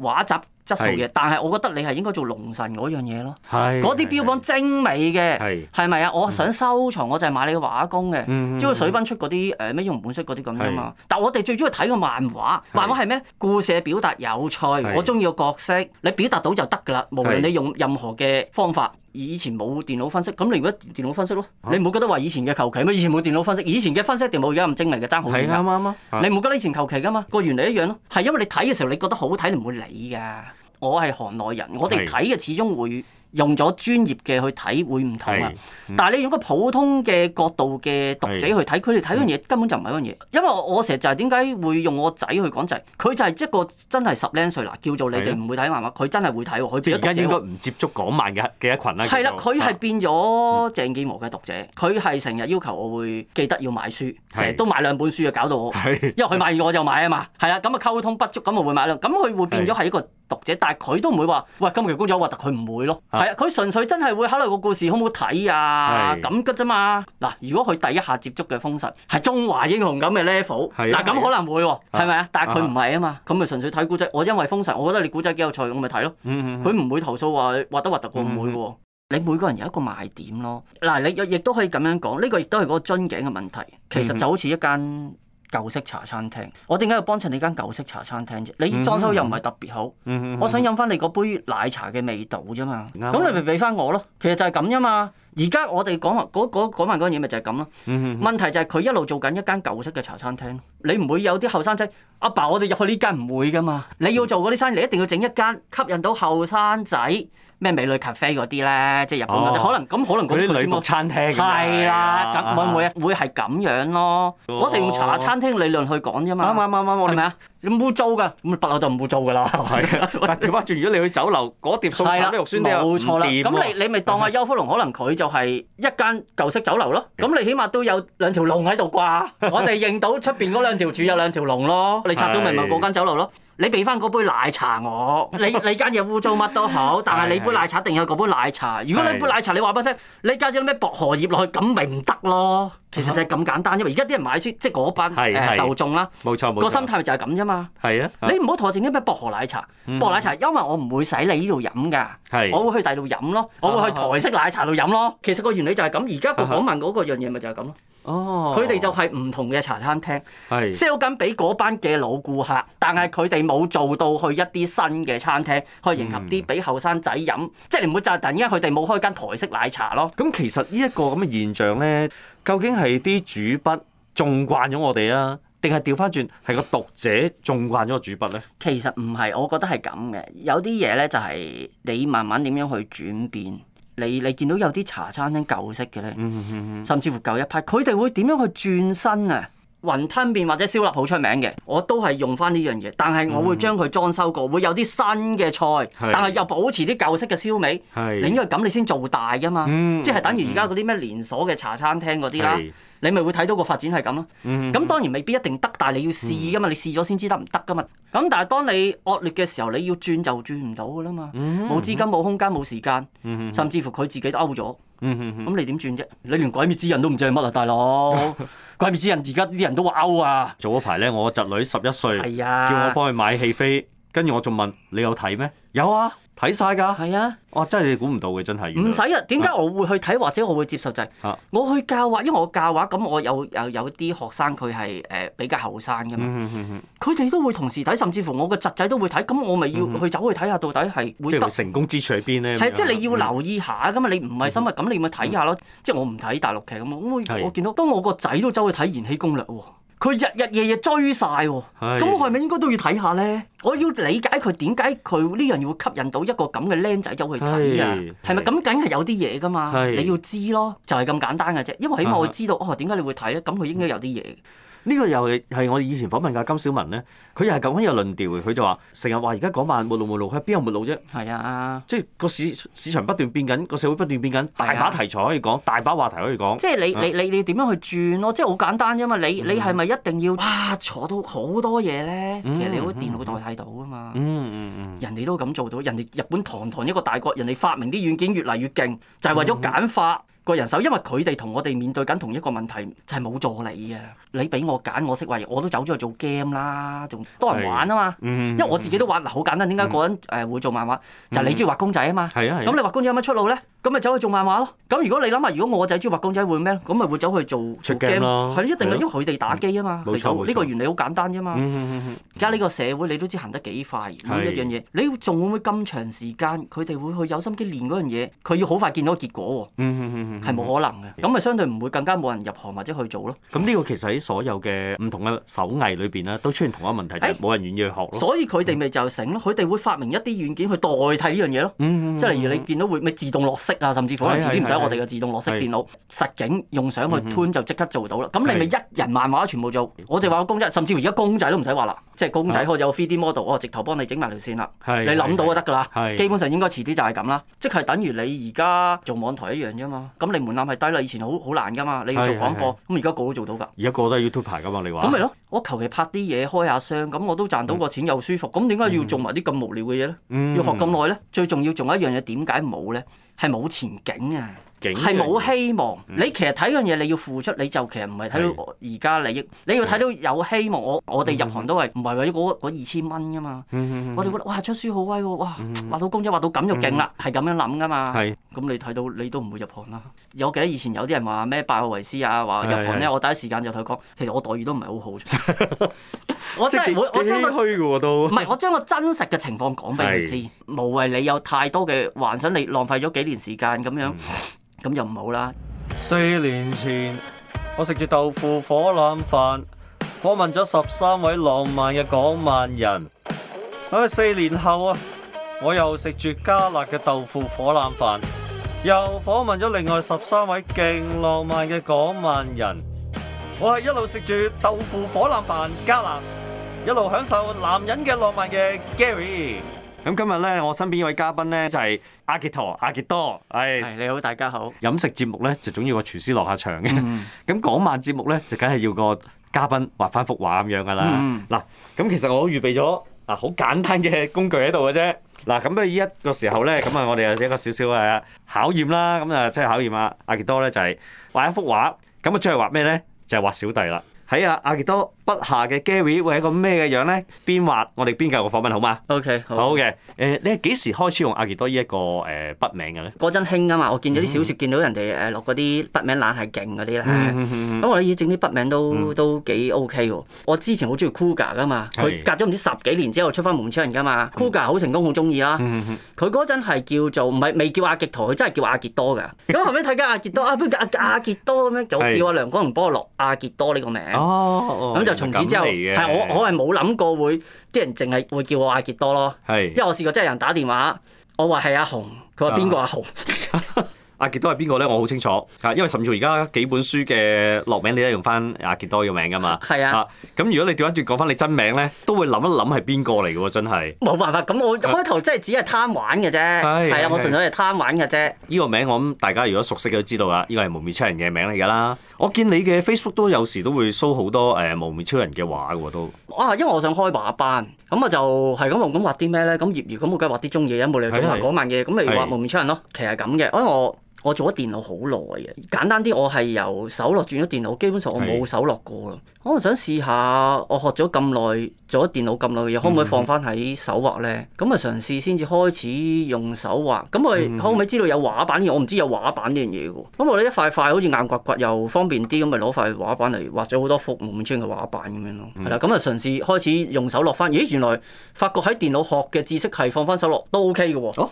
畫集。質素嘢，但係我覺得你係應該做龍神嗰樣嘢咯，嗰啲標榜精美嘅，係咪啊？我想收藏，我就係買你個畫工嘅，因為水筆出嗰啲誒咩用本色嗰啲咁樣嘛。但我哋最中意睇個漫畫，漫畫係咩？故事表達有趣，我中意個角色，你表達到就得㗎啦。無論你用任何嘅方法，以前冇電腦分析，咁你如果電腦分析咯，你唔會覺得話以前嘅求其咩？以前冇電腦分析，以前嘅分析一定冇而家咁精微嘅爭好遠㗎。啱你唔會覺得以前求其㗎嘛？個原理一樣咯，係因為你睇嘅時候你覺得好睇，你唔會理㗎。我係行內人，我哋睇嘅始終會。用咗專業嘅去睇會唔同啦，但係你用個普通嘅角度嘅讀者去睇，佢哋睇嗰樣嘢根本就唔係嗰樣嘢。因為我成日就係點解會用我仔去講就係，佢就係一個真係十零歲嗱，叫做你哋唔會睇漫畫，佢真係會睇喎。佢而家應該唔接觸港漫嘅嘅一群啦。係啦，佢係變咗鄭健和嘅讀者，佢係成日要求我會記得要買書，成日都買兩本書啊，搞到我因為佢買完我就買啊嘛。係啦，咁啊溝通不足，咁我會買咯。咁佢會變咗係一個讀者，但係佢都唔會話喂今日嘅工作核突，佢唔會咯。佢純粹真係會考慮個故事好唔好睇啊，咁嘅啫嘛。嗱，如果佢第一下接觸嘅封神係《中華英雄》咁嘅 level，嗱咁可能會喎，係咪啊？但係佢唔係啊嘛，咁咪純粹睇古仔。我因為封神，我覺得你古仔幾有趣，我咪睇咯。佢唔、嗯嗯嗯、會投訴話畫得核突，我唔會嘅、啊。嗯、你每個人有一個賣點咯。嗱，你亦亦都可以咁樣講，呢個亦都係嗰個樽頸嘅問題。其實就好似一間，舊式茶餐廳，我點解要幫襯你間舊式茶餐廳啫？你裝修又唔係特別好， 我想飲翻你嗰杯奶茶嘅味道啫嘛。咁 你咪俾翻我咯。其實就係咁啫嘛。而家我哋講話嗰嗰講埋嗰樣嘢，咪就係咁咯。 問題就係佢一路做緊一間舊式嘅茶餐廳，你唔會有啲後生仔，阿爸，我哋入去呢間唔會噶嘛。你要做嗰啲生意，你一定要整一間吸引到後生仔。咩美女 cafe 嗰啲咧，即係日本嗰啲，可能咁可能嗰啲女僕餐廳。係啦，會唔會啊？會係咁樣咯。我哋用茶餐廳理論去講啫嘛。啱啱啱啱，係咪啊？你污糟噶，咁八樓就唔污糟噶啦，係咪啊？但調翻轉，如果你去酒樓，嗰碟送茶啲肉酸啲，冇錯啦。咁你你咪當阿優福龍可能佢就係一間舊式酒樓咯。咁你起碼都有兩條龍喺度啩？我哋認到出邊嗰兩條柱有兩條龍咯。你拆咗咪咪嗰間酒樓咯？你俾翻嗰杯奶茶我，你你間嘢污糟乜都好，但係你杯奶茶一定係嗰杯奶茶。如果你杯奶茶你話俾我聽，你加咗咩薄荷葉落去，咁咪唔得咯。其實就係咁簡單，因為而家啲人買書即係嗰班誒受眾啦，冇錯，冇錯，個心態就係咁啫嘛。係啊錯，你唔好抬正啲咩薄荷奶茶，啊嗯、薄荷奶茶，因為我唔會喺你呢度飲㗎，是我會去第度飲咯，我會去台式奶茶度飲咯。其實個原理就係咁，而家佢講文嗰個樣嘢咪就係咁咯。哦，佢哋就係唔同嘅茶餐廳，sell 緊俾嗰班嘅老顧客，但係佢哋。冇做到去一啲新嘅餐廳去迎合啲俾後生仔飲，嗯、即係你唔會就係突然間佢哋冇開間台式奶茶咯。咁其實呢一個咁嘅現象呢，究竟係啲主筆縱慣咗我哋啊，定係掉返轉係個讀者縱慣咗個主筆呢？其實唔係，我覺得係咁嘅。有啲嘢呢，就係你慢慢點樣去轉變，你你見到有啲茶餐廳舊式嘅呢，嗯、哼哼甚至乎舊一派，佢哋會點樣去轉身啊？雲吞麵或者燒臘好出名嘅，我都係用翻呢樣嘢，但係我會將佢裝修過，嗯、會有啲新嘅菜，是但係又保持啲舊式嘅燒味。係是，因為咁你先做大㗎嘛，嗯、即係等於而家嗰啲咩連鎖嘅茶餐廳嗰啲啦。嗯嗯嗯。你咪會睇到個發展係咁咯，咁當然未必一定得，但係你要試噶嘛，你試咗先知得唔得噶嘛。咁但係當你惡劣嘅時候，你要轉就轉唔到噶啦嘛，冇資金、冇空間、冇時間，甚至乎佢自己都勾咗，咁你點轉啫？你連鬼滅之刃都唔知係乜啊，大佬！ 鬼滅之刃而家啲人都話勾啊！早排咧，我侄女十一歲，叫我幫佢買戲飛，跟住我仲問，你有睇咩？有啊！睇晒㗎，係啊！哇，真係你估唔到嘅，真係唔使啊！點解我會去睇，或者我會接受就係？我去教話，因為我教話，咁我有有有啲學生佢係誒比較後生㗎嘛，佢哋都會同時睇，甚至乎我個侄仔都會睇，咁我咪要去走去睇下到底係即係成功之處喺邊咧？係啊，即係你要留意下㗎嘛，你唔係深啊，咁你咪睇下咯。即係我唔睇大陸劇咁，我我見到當我個仔都走去睇《延禧攻略》喎。佢日日夜夜追晒喎，咁是我係咪應該都要睇下咧？我要理解佢點解佢呢樣嘢會吸引到一個咁嘅僆仔走去睇啊？係咪咁梗係有啲嘢噶嘛？是你要知咯，就係、是、咁簡單嘅啫。因為起碼我知道，的哦點解你會睇咧？咁佢應該有啲嘢。呢個又係係我哋以前訪問嘅金小文咧，佢又係咁樣有論調，佢就話成日話而家講話冇路冇路，佢邊有冇路啫？係啊，即係個市市場不斷變緊，個社會不斷變緊，大把題材可以講，大把話題可以講。即係、啊啊、你你你你點樣去轉咯、啊？即係好簡單啫嘛！你你係咪一定要？嗯、哇！坐到好多嘢咧，嗯嗯、其實你嗰啲電腦代替到啊嘛。嗯嗯嗯。嗯嗯人哋都咁做到，人哋日本堂堂一個大國，人哋發明啲軟件越嚟越勁，就係、是、為咗簡化。嗯個人手，因為佢哋同我哋面對緊同一個問題，就係、是、冇助理啊！你俾我揀，我識畫，我都走咗去做 game 啦，仲多人玩啊嘛！嗯嗯、因為我自己都玩嗱，好簡單，點解個人誒、嗯呃、會做漫畫？就係、你中意畫公仔啊嘛！咁、嗯、你畫公仔有乜出路咧？咁咪走去做漫畫咯。咁如果你諗下，如果我仔係中意畫公仔，會咩？咁咪會走去做出 game 咯。係一定嘅，因為佢哋打機啊嘛。呢個原理好簡單啫嘛。而家呢個社會你都知行得幾快。呢一樣嘢，你仲會唔會咁長時間？佢哋會去有心機練嗰樣嘢，佢要好快見到結果喎。係冇可能嘅。咁咪相對唔會更加冇人入行或者去做咯。咁呢個其實喺所有嘅唔同嘅手藝裏邊咧，都出現同一個問題，就係冇人願意去學咯。所以佢哋咪就醒咯。佢哋會發明一啲軟件去代替呢樣嘢咯。即係例如你見到會咪自動落色。甚至乎可能遲啲唔使我哋嘅自動落色電腦實景用上去 tune 就即刻做到啦。咁你咪一人漫畫全部做。我哋話個公仔，甚至乎而家公仔都唔使話啦。即係公仔可以有 3D model，我直頭幫你整埋條線啦。你諗到就得㗎啦。基本上應該遲啲就係咁啦。即係等於你而家做網台一樣啫嘛。咁你門檻係低啦。以前好好難㗎嘛。你要做廣播，咁而家個個都做到㗎。而家個都係 YouTuber 㗎嘛？你話咁咪咯。我求其拍啲嘢開下箱，咁我都賺到個錢又舒服，咁點解要做埋啲咁無聊嘅嘢咧？嗯、要學咁耐咧？最重要仲有一樣嘢，點解冇咧？係冇前景啊！係冇希望。你其實睇樣嘢，你要付出，你就其實唔係睇到而家利益。你要睇到有希望。我我哋入行都係唔係為咗嗰二千蚊噶嘛。嗯嗯、我哋覺得哇出書好威喎，哇畫到公仔畫到咁就勁啦，係咁、嗯、樣諗噶嘛。係是。咁你睇到你都唔會入行啦。我記得以前有啲人話咩拜賀為師啊，話入行咧，是是是我第一時間就同佢講，其實我待遇都唔係好好。 我真係的我真將都。唔係我將個真實嘅情況講俾是你知，無謂你有太多嘅幻想，你浪費咗幾年時間咁樣。嗯咁就唔好啦。四年前，我食住豆腐火腩飯，訪問咗十三位浪漫嘅港萬人。喺四年後啊，我又食住加辣嘅豆腐火腩飯，又訪問咗另外十三位勁浪漫嘅港萬人。我係一路食住豆腐火腩飯加辣，一路享受男人嘅浪漫嘅 Gary。咁今日咧，我身邊依位嘉賓咧就係、是、阿杰陀。阿杰多，係你好，大家好。飲食節目咧，就總要個廚師落下場嘅。咁講、mm hmm. 漫節目咧，就梗係要個嘉賓畫翻幅畫咁樣噶啦。嗱、mm，咁、hmm. 其實我預備咗嗱好簡單嘅工具喺度嘅啫。嗱，咁啊依一個時候咧，咁啊我哋有一個少少嘅考驗啦。咁啊真係考驗啊，阿杰多咧就係畫一幅畫。咁啊最係畫咩咧？就係、是、畫小弟啦。係啊，阿傑多。筆下嘅 Gary 會係一個咩嘅樣咧？邊畫我哋邊繼續個訪問好嗎？OK，好嘅。誒，你係幾時開始用阿杰多呢一個誒筆名嘅咧？嗰陣興啊嘛，我見到啲小説，見到人哋誒落嗰啲筆名懶係勁嗰啲咧。咁我依家整啲筆名都都幾 OK 喎。我之前好中意 Kuga 噶嘛，佢隔咗唔知十幾年之後出翻幪面超人㗎嘛。Kuga 好成功，好中意啦。佢嗰陣係叫做唔係未叫阿杰圖，佢真係叫阿杰多嘅。咁後尾睇緊阿杰多啊，阿杰多咁樣就叫阿梁光榮波落阿杰多呢個名。哦，咁就。從此之後，係我我係冇諗過會啲人淨係會叫我阿杰多咯。係是，因為我試過真係有人打電話，我話係阿紅，佢話邊個阿紅？啊 阿杰多係邊個咧？我好清楚，嚇，因為甚至乎而家幾本書嘅落名，你都用翻阿杰多嘅名噶嘛。係啊。咁、啊啊、如果你調一轉講翻你真名咧，都會諗一諗係邊個嚟嘅喎，真係。冇辦法，咁我、啊、開頭真係只係貪玩嘅啫。係。啊，我純粹係貪玩嘅啫。呢個名我諗大家如果熟悉嘅都知道啦，呢、呢個係無面超人嘅名嚟㗎啦。我見你嘅 Facebook 都有時都會搜好多誒、欸、無面超人嘅畫喎都。啊，因為我想開畫班，咁我就係咁，咁畫啲咩咧？咁業餘咁我梗係畫啲中意嘅，冇理由中畫講萬嘢。係啊是。咁例如畫無面超人咯，其實咁嘅，因為我。我做咗電腦好耐嘅，簡單啲，我係由手落轉咗電腦，基本上我冇手落過咯。是我話想試下，我學咗咁耐，做咗電腦咁耐嘅嘢，可唔可以放翻喺手畫咧？咁咪、嗯、嘗試先至開始用手畫。咁我係可唔可以知道有畫板？我唔知有畫板呢樣嘢嘅。咁我哋一塊塊好似硬刮刮刮又方便啲，咁咪攞塊畫板嚟畫咗好多幅滿滿嘅畫板咁樣咯。係啦、嗯，咁咪嘗試開始用手落翻。咦，原來發覺喺電腦學嘅知識係放翻手落都 OK 嘅喎。哦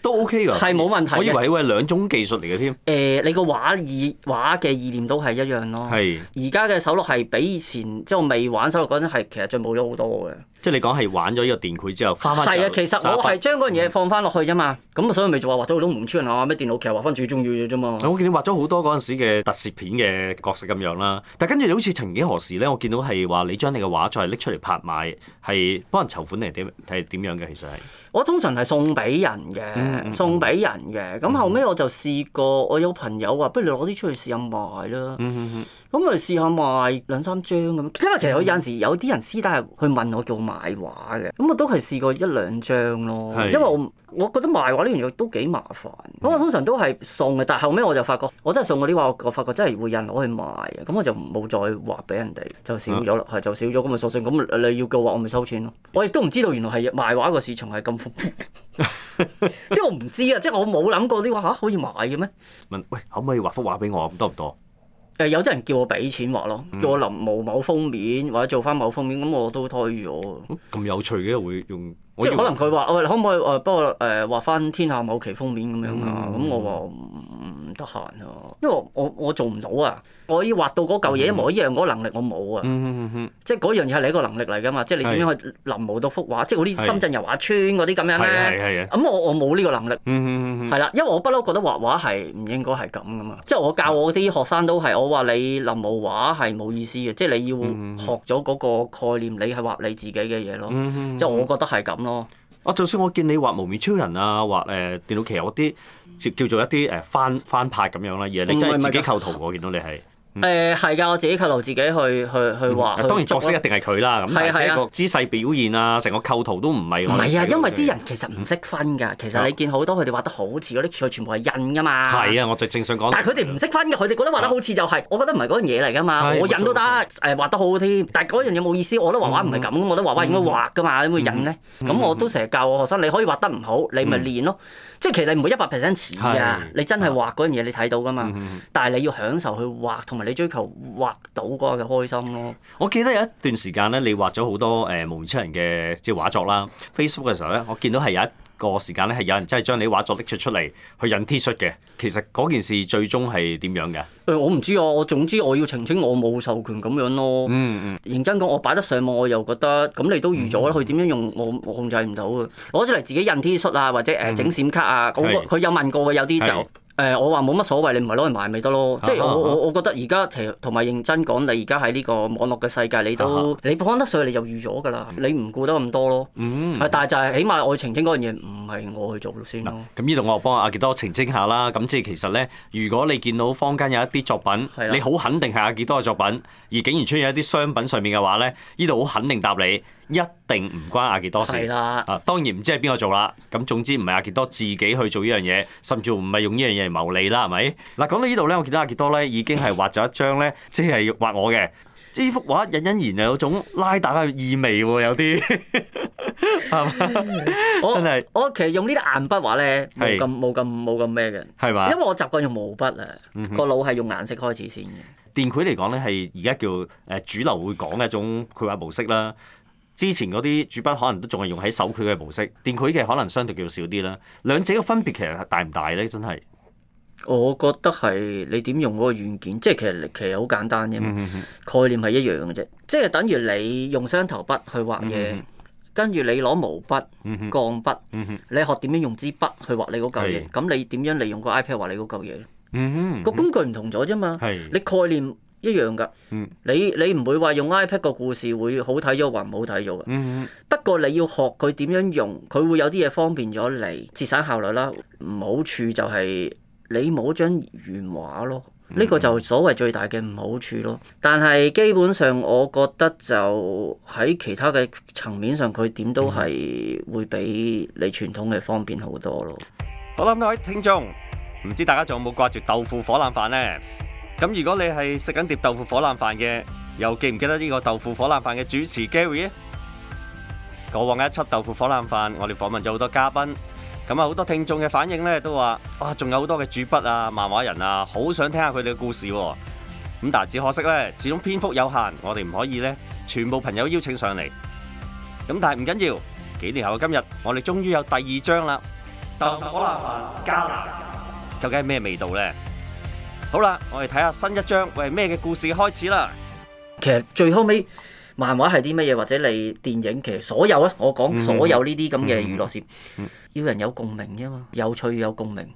都 OK 噶，係冇問題。我以為佢係兩種技術嚟嘅添。誒、呃，你個畫意畫嘅意念都係一樣咯。係是。而家嘅手錄係比以前，即、就、係、是、我未玩手錄嗰陣係其實進步咗好多嘅。即係你講係玩咗呢個電繪之後翻翻就，係啊，其實我係將嗰樣嘢放翻落去啫嘛。咁、嗯、啊，所以咪就話畫咗好多唔穿啊咩電腦劇畫翻最重要嘅啫嘛。我見你畫咗好多嗰陣時嘅特攝片嘅角色咁樣啦。但係跟住你好似曾幾何時咧，我見到係話你將你嘅畫再拎出嚟拍賣，係幫人籌款嚟係點？係點樣嘅其實係？我通常係送俾人嘅，送俾人嘅。咁、嗯嗯、後尾我就試過，我有朋友話不如你攞啲出去試下賣啦。嗯嗯嗯咁咪試下賣兩三張咁，因為其實有陣時有啲人私底下去問我叫我賣畫嘅，咁我都係試過一兩張咯。是的 因為我我覺得賣畫呢樣嘢都幾麻煩，咁是的 我通常都係送嘅。但後尾我就發覺，我真係送嗰啲畫，我發覺真係會引我去賣，咁我就冇再畫俾人哋，就少咗啦。係就少咗，咁咪、啊、索性咁你要嘅話，我咪收錢咯。我亦都唔知道原來係賣畫個市場係咁複雜，即係我唔知啊，即係我冇諗過啲畫可以買嘅咩？問喂，可唔可以畫幅畫俾我？多唔多？誒有啲人叫我俾錢畫咯，叫我臨摹某封面或者做翻某封面，咁我都推咗。咁、嗯、有趣嘅會用，即可能佢話，我話、嗯、可唔可以誒？幫我誒，畫翻天下某期封面咁樣啊，咁我話唔得閒啊，因為我我做唔到啊。我依畫到嗰嚿嘢一模一樣嗰個能力我冇啊，mm hmm. 即係嗰樣嘢係你一個能力嚟㗎嘛，mm hmm. 即係你點樣去臨摹到幅畫，mm hmm. 即係嗰啲深圳油畫村嗰啲咁樣呢。咁、mm hmm. 嗯、我我冇呢個能力，係啦、mm hmm.，因為我不嬲覺得畫畫係唔應該係咁㗎嘛。即係我教我啲學生都係，我話你臨摹畫係冇意思嘅，即係你要學咗嗰個概念，你係畫你自己嘅嘢咯。Mm hmm. 即係我覺得係咁咯。Mm hmm. 啊，就算我見你畫無面超人啊，畫誒、呃、電腦棋嗰啲叫做一啲誒翻翻拍咁樣啦，而你真係自己構圖，mm hmm. 我見到你係。誒係㗎，我自己構圖自己去去去畫。當然角色一定係佢啦，咁或者個姿勢表現啊，成個構圖都唔係。唔係啊，因為啲人其實唔識分㗎。其實你見好多佢哋畫得好似嗰啲，全部係印㗎嘛。係啊、嗯，我直正想講。嗯嗯嗯、但係佢哋唔識分㗎，佢哋覺得畫得好似就係、是，嗯、我覺得唔係嗰樣嘢嚟㗎嘛。唉我印都得，誒畫得好㗎添。但係嗰樣嘢冇意思，我覺得畫畫唔係咁，我覺得畫畫應該畫㗎嘛，點會印呢？咁我都成日教我學生，你可以畫得唔好，你咪練咯。即係其實你唔會一百 percent 似㗎，你真係畫嗰樣嘢你睇到㗎嘛。但係你要享受去畫同埋。你追求畫到嗰個嘅開心咯。我記得有一段時間咧，你畫咗好多誒無名超人嘅即係畫作啦。Facebook 嘅時候咧，我見到係有一個時間咧，係有人真係將你畫作拎出出嚟去印 T 恤嘅。其實嗰件事最終係點樣嘅？誒、欸、我唔知啊！我總之我要澄清，我冇授權咁樣咯。嗯嗯。嗯認真講，我擺得上網，我又覺得咁你都預咗，佢點樣用我我控制唔到啊。攞出嚟自己印 T 恤啊，或者誒整、呃、閃卡啊，佢有問過啊，有啲就是。誒、呃，我話冇乜所謂，你唔係攞嚟賣咪得咯。啊、即係我、啊、我我覺得而家其實同埋認真講，你而家喺呢個網絡嘅世界，你都、啊、你放得上你就預咗㗎啦。嗯、你唔顧得咁多咯。嗯、但係就係起碼我澄清嗰樣嘢，唔係我去做先咯。咁呢度我幫阿阿傑多澄清下啦。咁即係其實咧，如果你見到坊間有一啲作品，的你好肯定係阿傑多嘅作品，而竟然出現一啲商品上面嘅話咧，呢度好肯定答你，一定唔關阿傑多事。啦的。啊，當然唔知係邊個做啦。咁總之唔係阿傑多自己去做呢樣嘢，甚至唔係用呢樣嘢牟利啦，係咪？嗱，講到呢度咧，我見到阿杰多咧已經係畫咗一張咧， 即係畫我嘅。即係呢幅畫隱隱然有種拉大嘅意味喎，有啲係嘛？ 吧我 真係是我，我其實用呢啲硬筆畫咧，冇咁冇咁冇咁咩嘅。係嘛是？麼麼吧因為我習慣用毛筆啊，個腦係用顏色開始先嘅。電繪嚟講咧，係而家叫誒主流會講嘅一種繪畫模式啦。之前嗰啲主筆可能都仲係用喺手繪嘅模式，電繪嘅可能相對叫少啲啦。兩者嘅分別其實係大唔大咧？真係。我覺得係你點用嗰個軟件，即係其實其實好簡單啫嘛，概念係一樣嘅啫。即係等於你用雙頭筆去畫嘢，跟住你攞毛筆、鋼筆，你學點樣用支筆去畫你嗰嚿嘢。咁你點樣利用個 iPad 畫你嗰嚿嘢？個工具唔同咗啫嘛。你概念一樣㗎。你你唔會話用 iPad 個故事會好睇咗或唔好睇咗嘅。不過你要學佢點樣用，佢會有啲嘢方便咗你節省效率啦。唔好處就係。你冇張原話咯，呢個就所謂最大嘅唔好處咯。但係基本上，我覺得就喺其他嘅層面上，佢點都係會比你傳統嘅方便好多咯。嗯嗯嗯、好啦，咁各位聽眾，唔知大家仲有冇掛住豆腐火腩飯呢？咁如果你係食緊碟豆腐火腩飯嘅，又記唔記得呢個豆腐火腩飯嘅主持 Gary 咧？過往一輯豆腐火腩飯，我哋訪問咗好多嘉賓。咁、嗯、啊，好多聽眾嘅反應咧，都話哇，仲有好多嘅主筆啊、漫畫人啊，好想聽下佢哋嘅故事、啊。咁但係只可惜咧，始終篇幅有限，我哋唔可以咧全部朋友邀請上嚟。咁但係唔緊要緊，幾年後嘅今日，我哋終於有第二章啦。到我啦，交啦，究竟係咩味道咧？好啦，我哋睇下新一章，係咩嘅故事開始啦？其實最後尾。漫畫係啲乜嘢，或者你電影，其實所有咧，我講所有呢啲咁嘅娛樂事，嗯嗯嗯、要人有共鳴啫嘛，有趣有共鳴。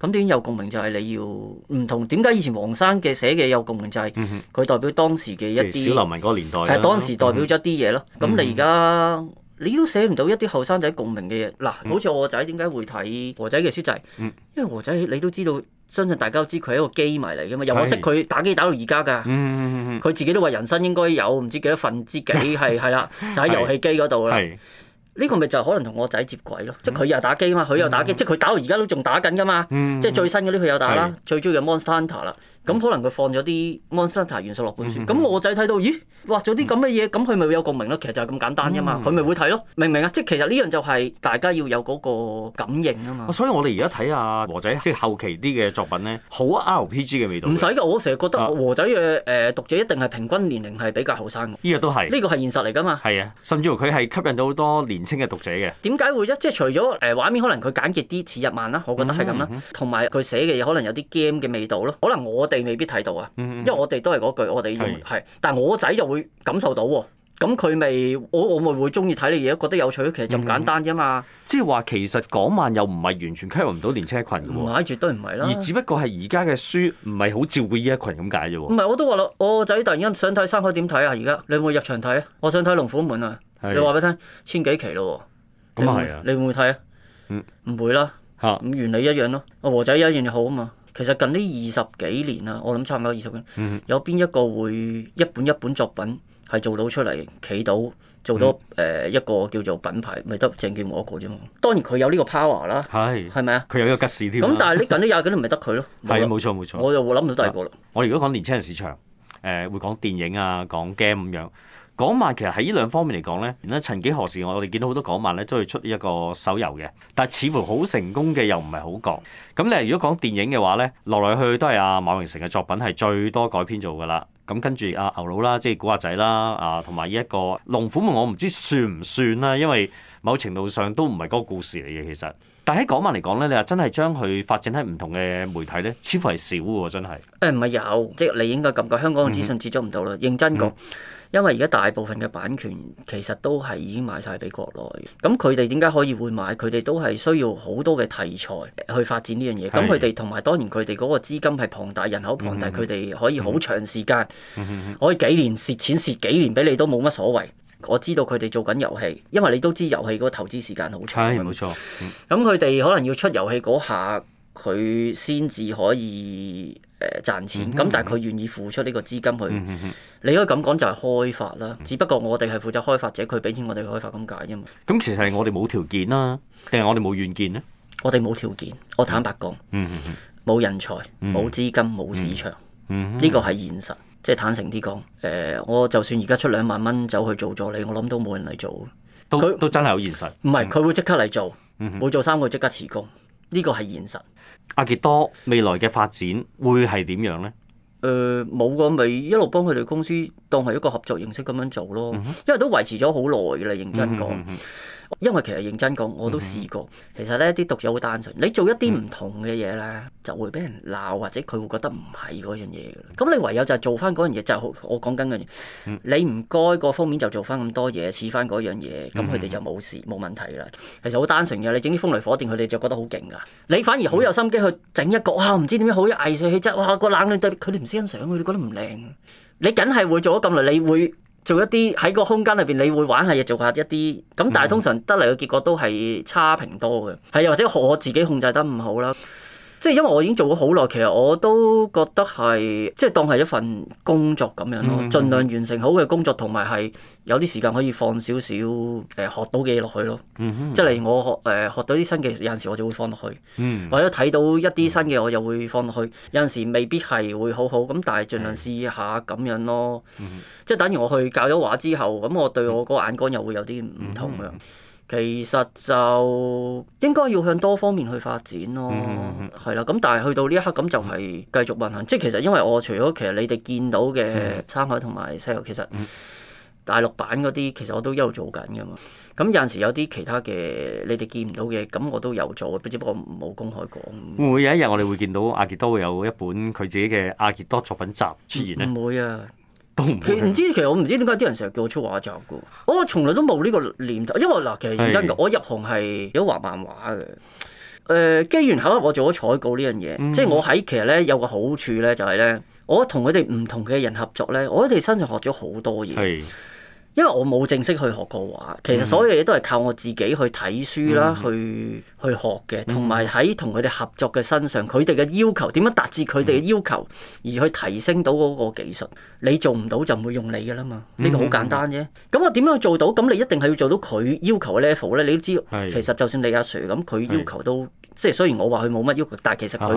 咁點、嗯、有共鳴就係你要唔同？點解以前黃生嘅寫嘅有共鳴就係佢代表當時嘅一啲、嗯、小農民嗰個年代、哎，當時代表咗啲嘢咯。咁、嗯嗯、你而家你都寫唔到一啲後生仔共鳴嘅嘢嗱，好似我仔點解會睇和仔嘅書仔、就係，嗯、哼因為和仔你都知道。相信大家都知佢係一個機迷嚟嘅嘛，又我識佢打機打到而家㗎。佢、嗯、自己都話人生應該有唔知幾多分之幾係係啦，就喺遊戲機嗰度啦。呢是個咪就可能同我仔接軌咯，是即係佢又打機啊嘛，佢又打機，嗯、即係佢打到而家都仲打緊㗎嘛，嗯、即係最新嗰啲佢有打啦，是最中意嘅 Monster Hunter 啦。咁可能佢放咗啲 monster 元素落本書，咁禾、嗯嗯、仔睇到，咦，畫咗啲咁嘅嘢，咁佢咪會有共鳴咯？其實就係咁簡單啫嘛，佢咪、嗯、會睇咯，明唔明啊？即係其實呢樣就係大家要有嗰個感應啊嘛。所以我哋而家睇下和仔即係後期啲嘅作品咧，好 RPG 嘅味道。唔使嘅，我成日覺得和仔嘅誒讀者一定係平均年齡係比較後生嘅，呢個都係，呢個係現實嚟㗎嘛。係啊，甚至乎佢係吸引到好多年青嘅讀者嘅。點解會一？即係除咗誒畫面，可能佢簡潔啲似日漫啦，我覺得係咁啦。同埋佢寫嘅嘢可能有啲 game 嘅味道咯，可能我哋。未必睇到啊，因為我哋都係嗰句，我哋要係是，但係我個仔就會感受到喎。咁佢咪我我咪會中意睇你嘢，覺得有趣。其實就咁簡單啫嘛。嗯、即係話其實港漫又唔係完全吸引唔到年青群嘅喎，唔係絕對唔係啦。而只不過係而家嘅書唔係好照顧呢一群咁解啫喎。唔係，我都話啦，我個仔突然間想睇《三國》點睇啊？而家你會唔會入場睇啊？我想睇《龍虎門》啊！是你話俾佢聽，千幾期咯喎。咁啊係啊！你會唔會睇啊？唔會啦。嚇咁原理一樣咯。我和仔一樣就好啊嘛。其實近呢二十幾年啊，我諗差唔多二十幾年，嗯、有邊一個會一本一本作品係做到出嚟企到做到誒一個叫做品牌？咪得鄭健和一個啫嘛。當然佢有呢個 power 啦，係咪是吧啊？佢有呢個吉士添。咁但係呢近呢廿幾年咪得佢咯，係冇錯冇錯，錯我又諗唔到第二個啦。我如果講年輕人市場，誒、呃、會講電影啊，講 game 咁樣。港漫其實喺呢兩方面嚟講咧，而家曾幾何時，我哋見到好多港漫咧，都會出一個手遊嘅，但係似乎好成功嘅又唔係好講。咁你如果講電影嘅話咧，來來去去都係阿、啊、馬榮成嘅作品係最多改編做㗎啦。咁跟住阿、啊、牛佬啦，即係古惑仔啦，啊同埋呢一個龍虎門，我唔知算唔算啦，因為某程度上都唔係嗰個故事嚟嘅。其實，但係喺港漫嚟講咧，你話真係將佢發展喺唔同嘅媒體咧，似乎係少喎，真係。誒唔係有，即係你應該感覺香港嘅資訊接觸唔到啦，認真講。因為而家大部分嘅版權其實都係已經賣晒俾國內，咁佢哋點解可以會買？佢哋都係需要好多嘅題材去發展呢樣嘢。咁佢哋同埋當然佢哋嗰個資金係龐大，人口龐大，佢哋、嗯、哼可以好長時間，嗯、哼可以幾年蝕錢蝕幾年俾你都冇乜所謂。我知道佢哋做緊遊戲，因為你都知遊戲嗰個投資時間好長，冇錯。咁佢哋可能要出遊戲嗰下，佢先至可以。誒、呃、賺錢咁，但係佢願意付出呢個資金去，嗯、哼哼你可以咁講就係開發啦。嗯、哼哼只不過我哋係負責開發者，佢俾錢我哋去開發咁解啫嘛。咁其實係我哋冇條件啦，定係我哋冇遠見咧？我哋冇條件，我坦白講，冇、嗯、人才、冇資金、冇市場，呢個係現實，即係坦誠啲講。誒、呃，我就算而家出兩萬蚊走去做助理，我諗都冇人嚟做。都他都真係有現實。唔係佢會即刻嚟做，冇做三個月即刻辭工，呢個係現實。阿杰多未來嘅發展會係點樣呢？誒，冇講，咪一路幫佢哋公司當係一個合作形式咁樣做咯，嗯、哼因為都維持咗好耐㗎啦，認真講。嗯哼嗯哼因為其實認真講，我都試過。其實咧，啲讀者好單純。你做一啲唔同嘅嘢咧，嗯、就會俾人鬧，或者佢會覺得唔係嗰樣嘢㗎。咁你唯有就做翻嗰樣嘢，就係、我講緊嘅嘢。嗯、你唔該、個封面就做翻咁多嘢，似翻嗰樣嘢，咁佢哋就冇事冇問題啦。其實好單純嘅，你整啲風雷火電，佢哋就覺得好勁㗎。你反而好有心機、嗯、去整一局啊！唔知點解好有藝術氣質哇！哇這個冷暖對佢哋唔識欣賞嘅，佢哋覺得唔靚。你梗係會做咗咁耐，你會。你會做一啲喺個空間裏邊，你會玩下嘢，做下一啲咁，但係通常得嚟嘅結果都係差評多嘅，係啊，或者我自己控制得唔好啦。即係因為我已經做咗好耐，其實我都覺得係即係當係一份工作咁樣咯，嗯、哼盡量完成好嘅工作，同埋係有啲時間可以放少少誒、呃、學到嘅嘢落去咯。嗯、哼即係例如我學誒、呃、學到啲新嘅，有陣時我就會放落去，嗯、或者睇到一啲新嘅我又會放落去。有陣時未必係會好好，咁但係盡量試下咁樣咯。嗯、哼即係等於我去教咗畫之後，咁我對我嗰個眼光又會有啲唔同嘅。嗯其實就應該要向多方面去發展咯，係啦、嗯。咁、嗯、但係去到呢一刻，咁就係繼續運行。嗯、即係其實因為我除咗其實你哋見到嘅《參海、嗯》同埋《西遊，其實大陸版嗰啲其實我都一路做緊㗎嘛。咁有陣時有啲其他嘅你哋見唔到嘅，咁我都有做，只不過冇公開過。會唔會有一日我哋會見到阿杰都會有一本佢自己嘅阿杰多作品集出現咧？唔、嗯、會啊。其唔知，其實我唔知點解啲人成日叫我出畫集嘅。我從來都冇呢個念頭，因為嗱，其實認真講，是我入行係有畫漫畫嘅。誒、呃，機緣巧合，我做咗採購呢樣嘢，嗯、即係我喺其實咧有個好處咧，就係、是、咧，我同佢哋唔同嘅人合作咧，我喺佢哋身上學咗好多嘢。因為我冇正式去學過畫，其實所有嘢都係靠我自己去睇書啦、mm hmm.，去去學嘅，同埋喺同佢哋合作嘅身上，佢哋嘅要求點樣達至佢哋嘅要求，而去提升到嗰個技術，你做唔到就唔會用你噶啦嘛，呢、這個好簡單啫。咁、mm hmm. 我點樣做到？咁你一定係要做到佢要求嘅 level 咧。你都知，其實就算你阿 Sir 咁，佢要求都。即係雖然我話佢冇乜要求，但係其實佢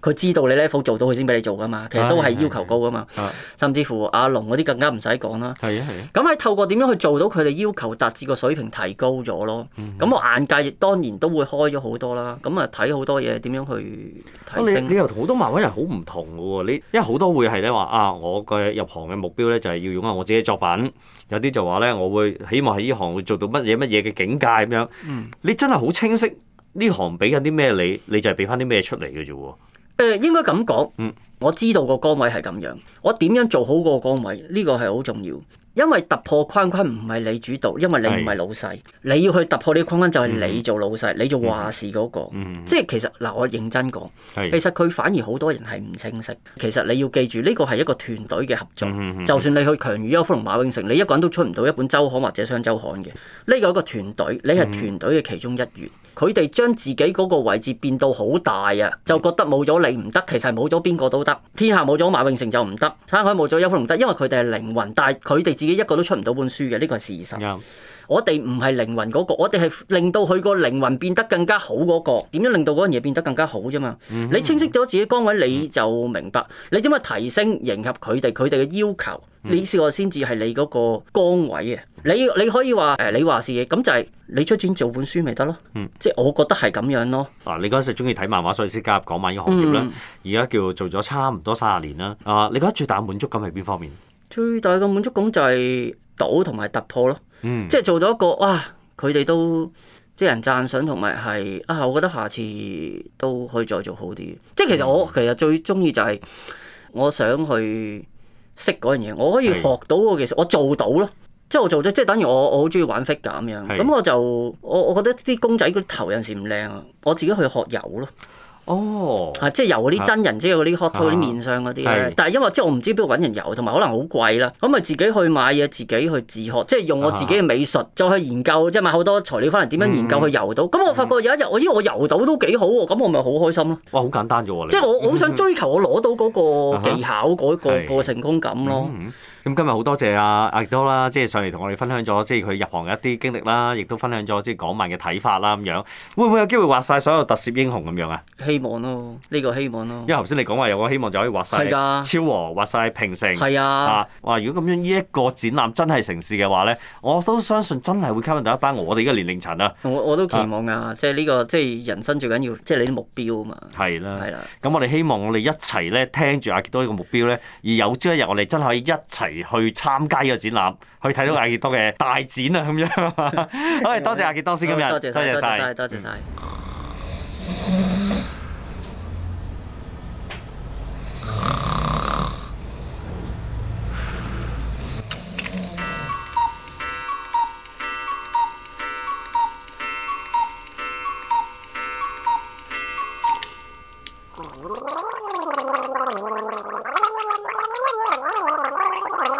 佢、啊、知道你 level 做到佢先俾你做噶嘛，其實都係要求高噶嘛。啊啊、甚至乎阿龍嗰啲更加唔使講啦。係啊係啊。咁喺透過點樣去做到佢哋要求，達至個水平提高咗咯。咁、嗯、哼我眼界亦當然都會開咗好多啦。咁啊睇好多嘢點樣去提升。你又同好多漫威人好唔同嘅喎？你，你，你因為好多會係咧話啊，我嘅入行嘅目標咧就係要用下我自己作品。有啲就話咧，我會希望喺呢行會做到乜嘢乜嘢嘅境界咁樣。嗯、你真係好清晰。呢行俾緊啲咩你，你就係俾翻啲咩出嚟嘅啫喎。誒、呃，應該咁講。嗯。我知道個崗位係咁樣，我點樣做好個崗位呢、這個係好重要，因為突破框框唔係你主導，因為你唔係老細，是你要去突破呢個框框就係你做老細，嗯、你做話事嗰個。嗯、即係其實嗱、呃，我認真講，其實佢反而好多人係唔清晰。是其實你要記住，呢、這個係一個團隊嘅合作。嗯嗯嗯嗯，就算你去強如邱福龍同馬永成，你一個人都出唔到一本周刊或者雙周刊嘅。呢、這個一個團隊，你係團隊嘅其中一員，佢哋、嗯、將自己嗰個位置變到好大啊，就覺得冇咗你唔得，其實冇咗邊個都。得天下冇咗馬永成就唔得，山海冇咗有福唔得，因為佢哋係靈魂，但係佢哋自己一個都出唔到本書嘅，呢個係事實。Yeah. 我哋唔係靈魂嗰個，我哋係令到佢個靈魂變得更加好嗰個。點樣令到嗰樣嘢變得更加好啫嘛？Mm hmm. 你清晰咗自己崗位，你就明白。你點樣提升迎合佢哋，佢哋嘅要求？嗯、你試過先至係你嗰個崗位嘅，你你可以話誒、呃，你話事嘅，咁就係你出錢做本書咪得咯？嗯，即係我覺得係咁樣咯。嗱、啊，你嗰陣時中意睇漫畫，所以先加入港漫呢個行業啦。而家、嗯、叫做咗差唔多三十年啦。啊，你覺得最大滿足感係邊方面？最大嘅滿足感就係賭同埋突破咯。嗯、即係做到一個哇，佢哋都即係人讚賞同埋係啊，我覺得下次都可以再做好啲。即係其實我其實最中意就係我想去。嗯嗯識嗰樣嘢，我可以學到喎。其實的我做到咯，即係我做咗，即係等於我我好中意玩 figure 咁樣。咁的我就我我覺得啲公仔嗰啲頭有陣時唔靚啊，我自己去學油咯。哦，即係油嗰啲真人，即係嗰啲 hot toy 面上嗰啲。但係因為即係我唔知邊度揾人油，同埋可能好貴啦。咁咪自己去買嘢，自己去自學，即係用我自己嘅美術，再去研究，即係買好多材料翻嚟點樣研究去油到。咁我發覺有一日我咦，我油到都幾好喎，咁我咪好開心咯。哇，好簡單啫喎！即係我好想追求我攞到嗰個技巧嗰個成功感咯。咁今日好多謝阿阿傑多啦，即係上嚟同我哋分享咗，即係佢入行嘅一啲經歷啦，亦都分享咗即係港漫嘅睇法啦，咁樣會唔會有機會畫晒所有特攝英雄咁樣啊？希望咯，呢、這個希望咯。因為頭先你講話有個希望就可以畫晒，昭和的畫晒平成。係的啊，哇！如果咁樣呢一個展覽真係成事嘅話咧，我都相信真係會吸引到一班我哋嘅年齡層啊。我我都期望啊，啊即係呢、這個即係人生最緊要，即係你啲目標啊嘛。係啦，係啦。咁我哋希望我哋一齊咧聽住阿傑多呢個目標咧，而有朝一日我哋真係可以一齊。去參加呢個展覽，去睇到阿傑多嘅大展啊，咁樣。好，多謝阿傑多先今日，多謝多謝晒，多謝晒。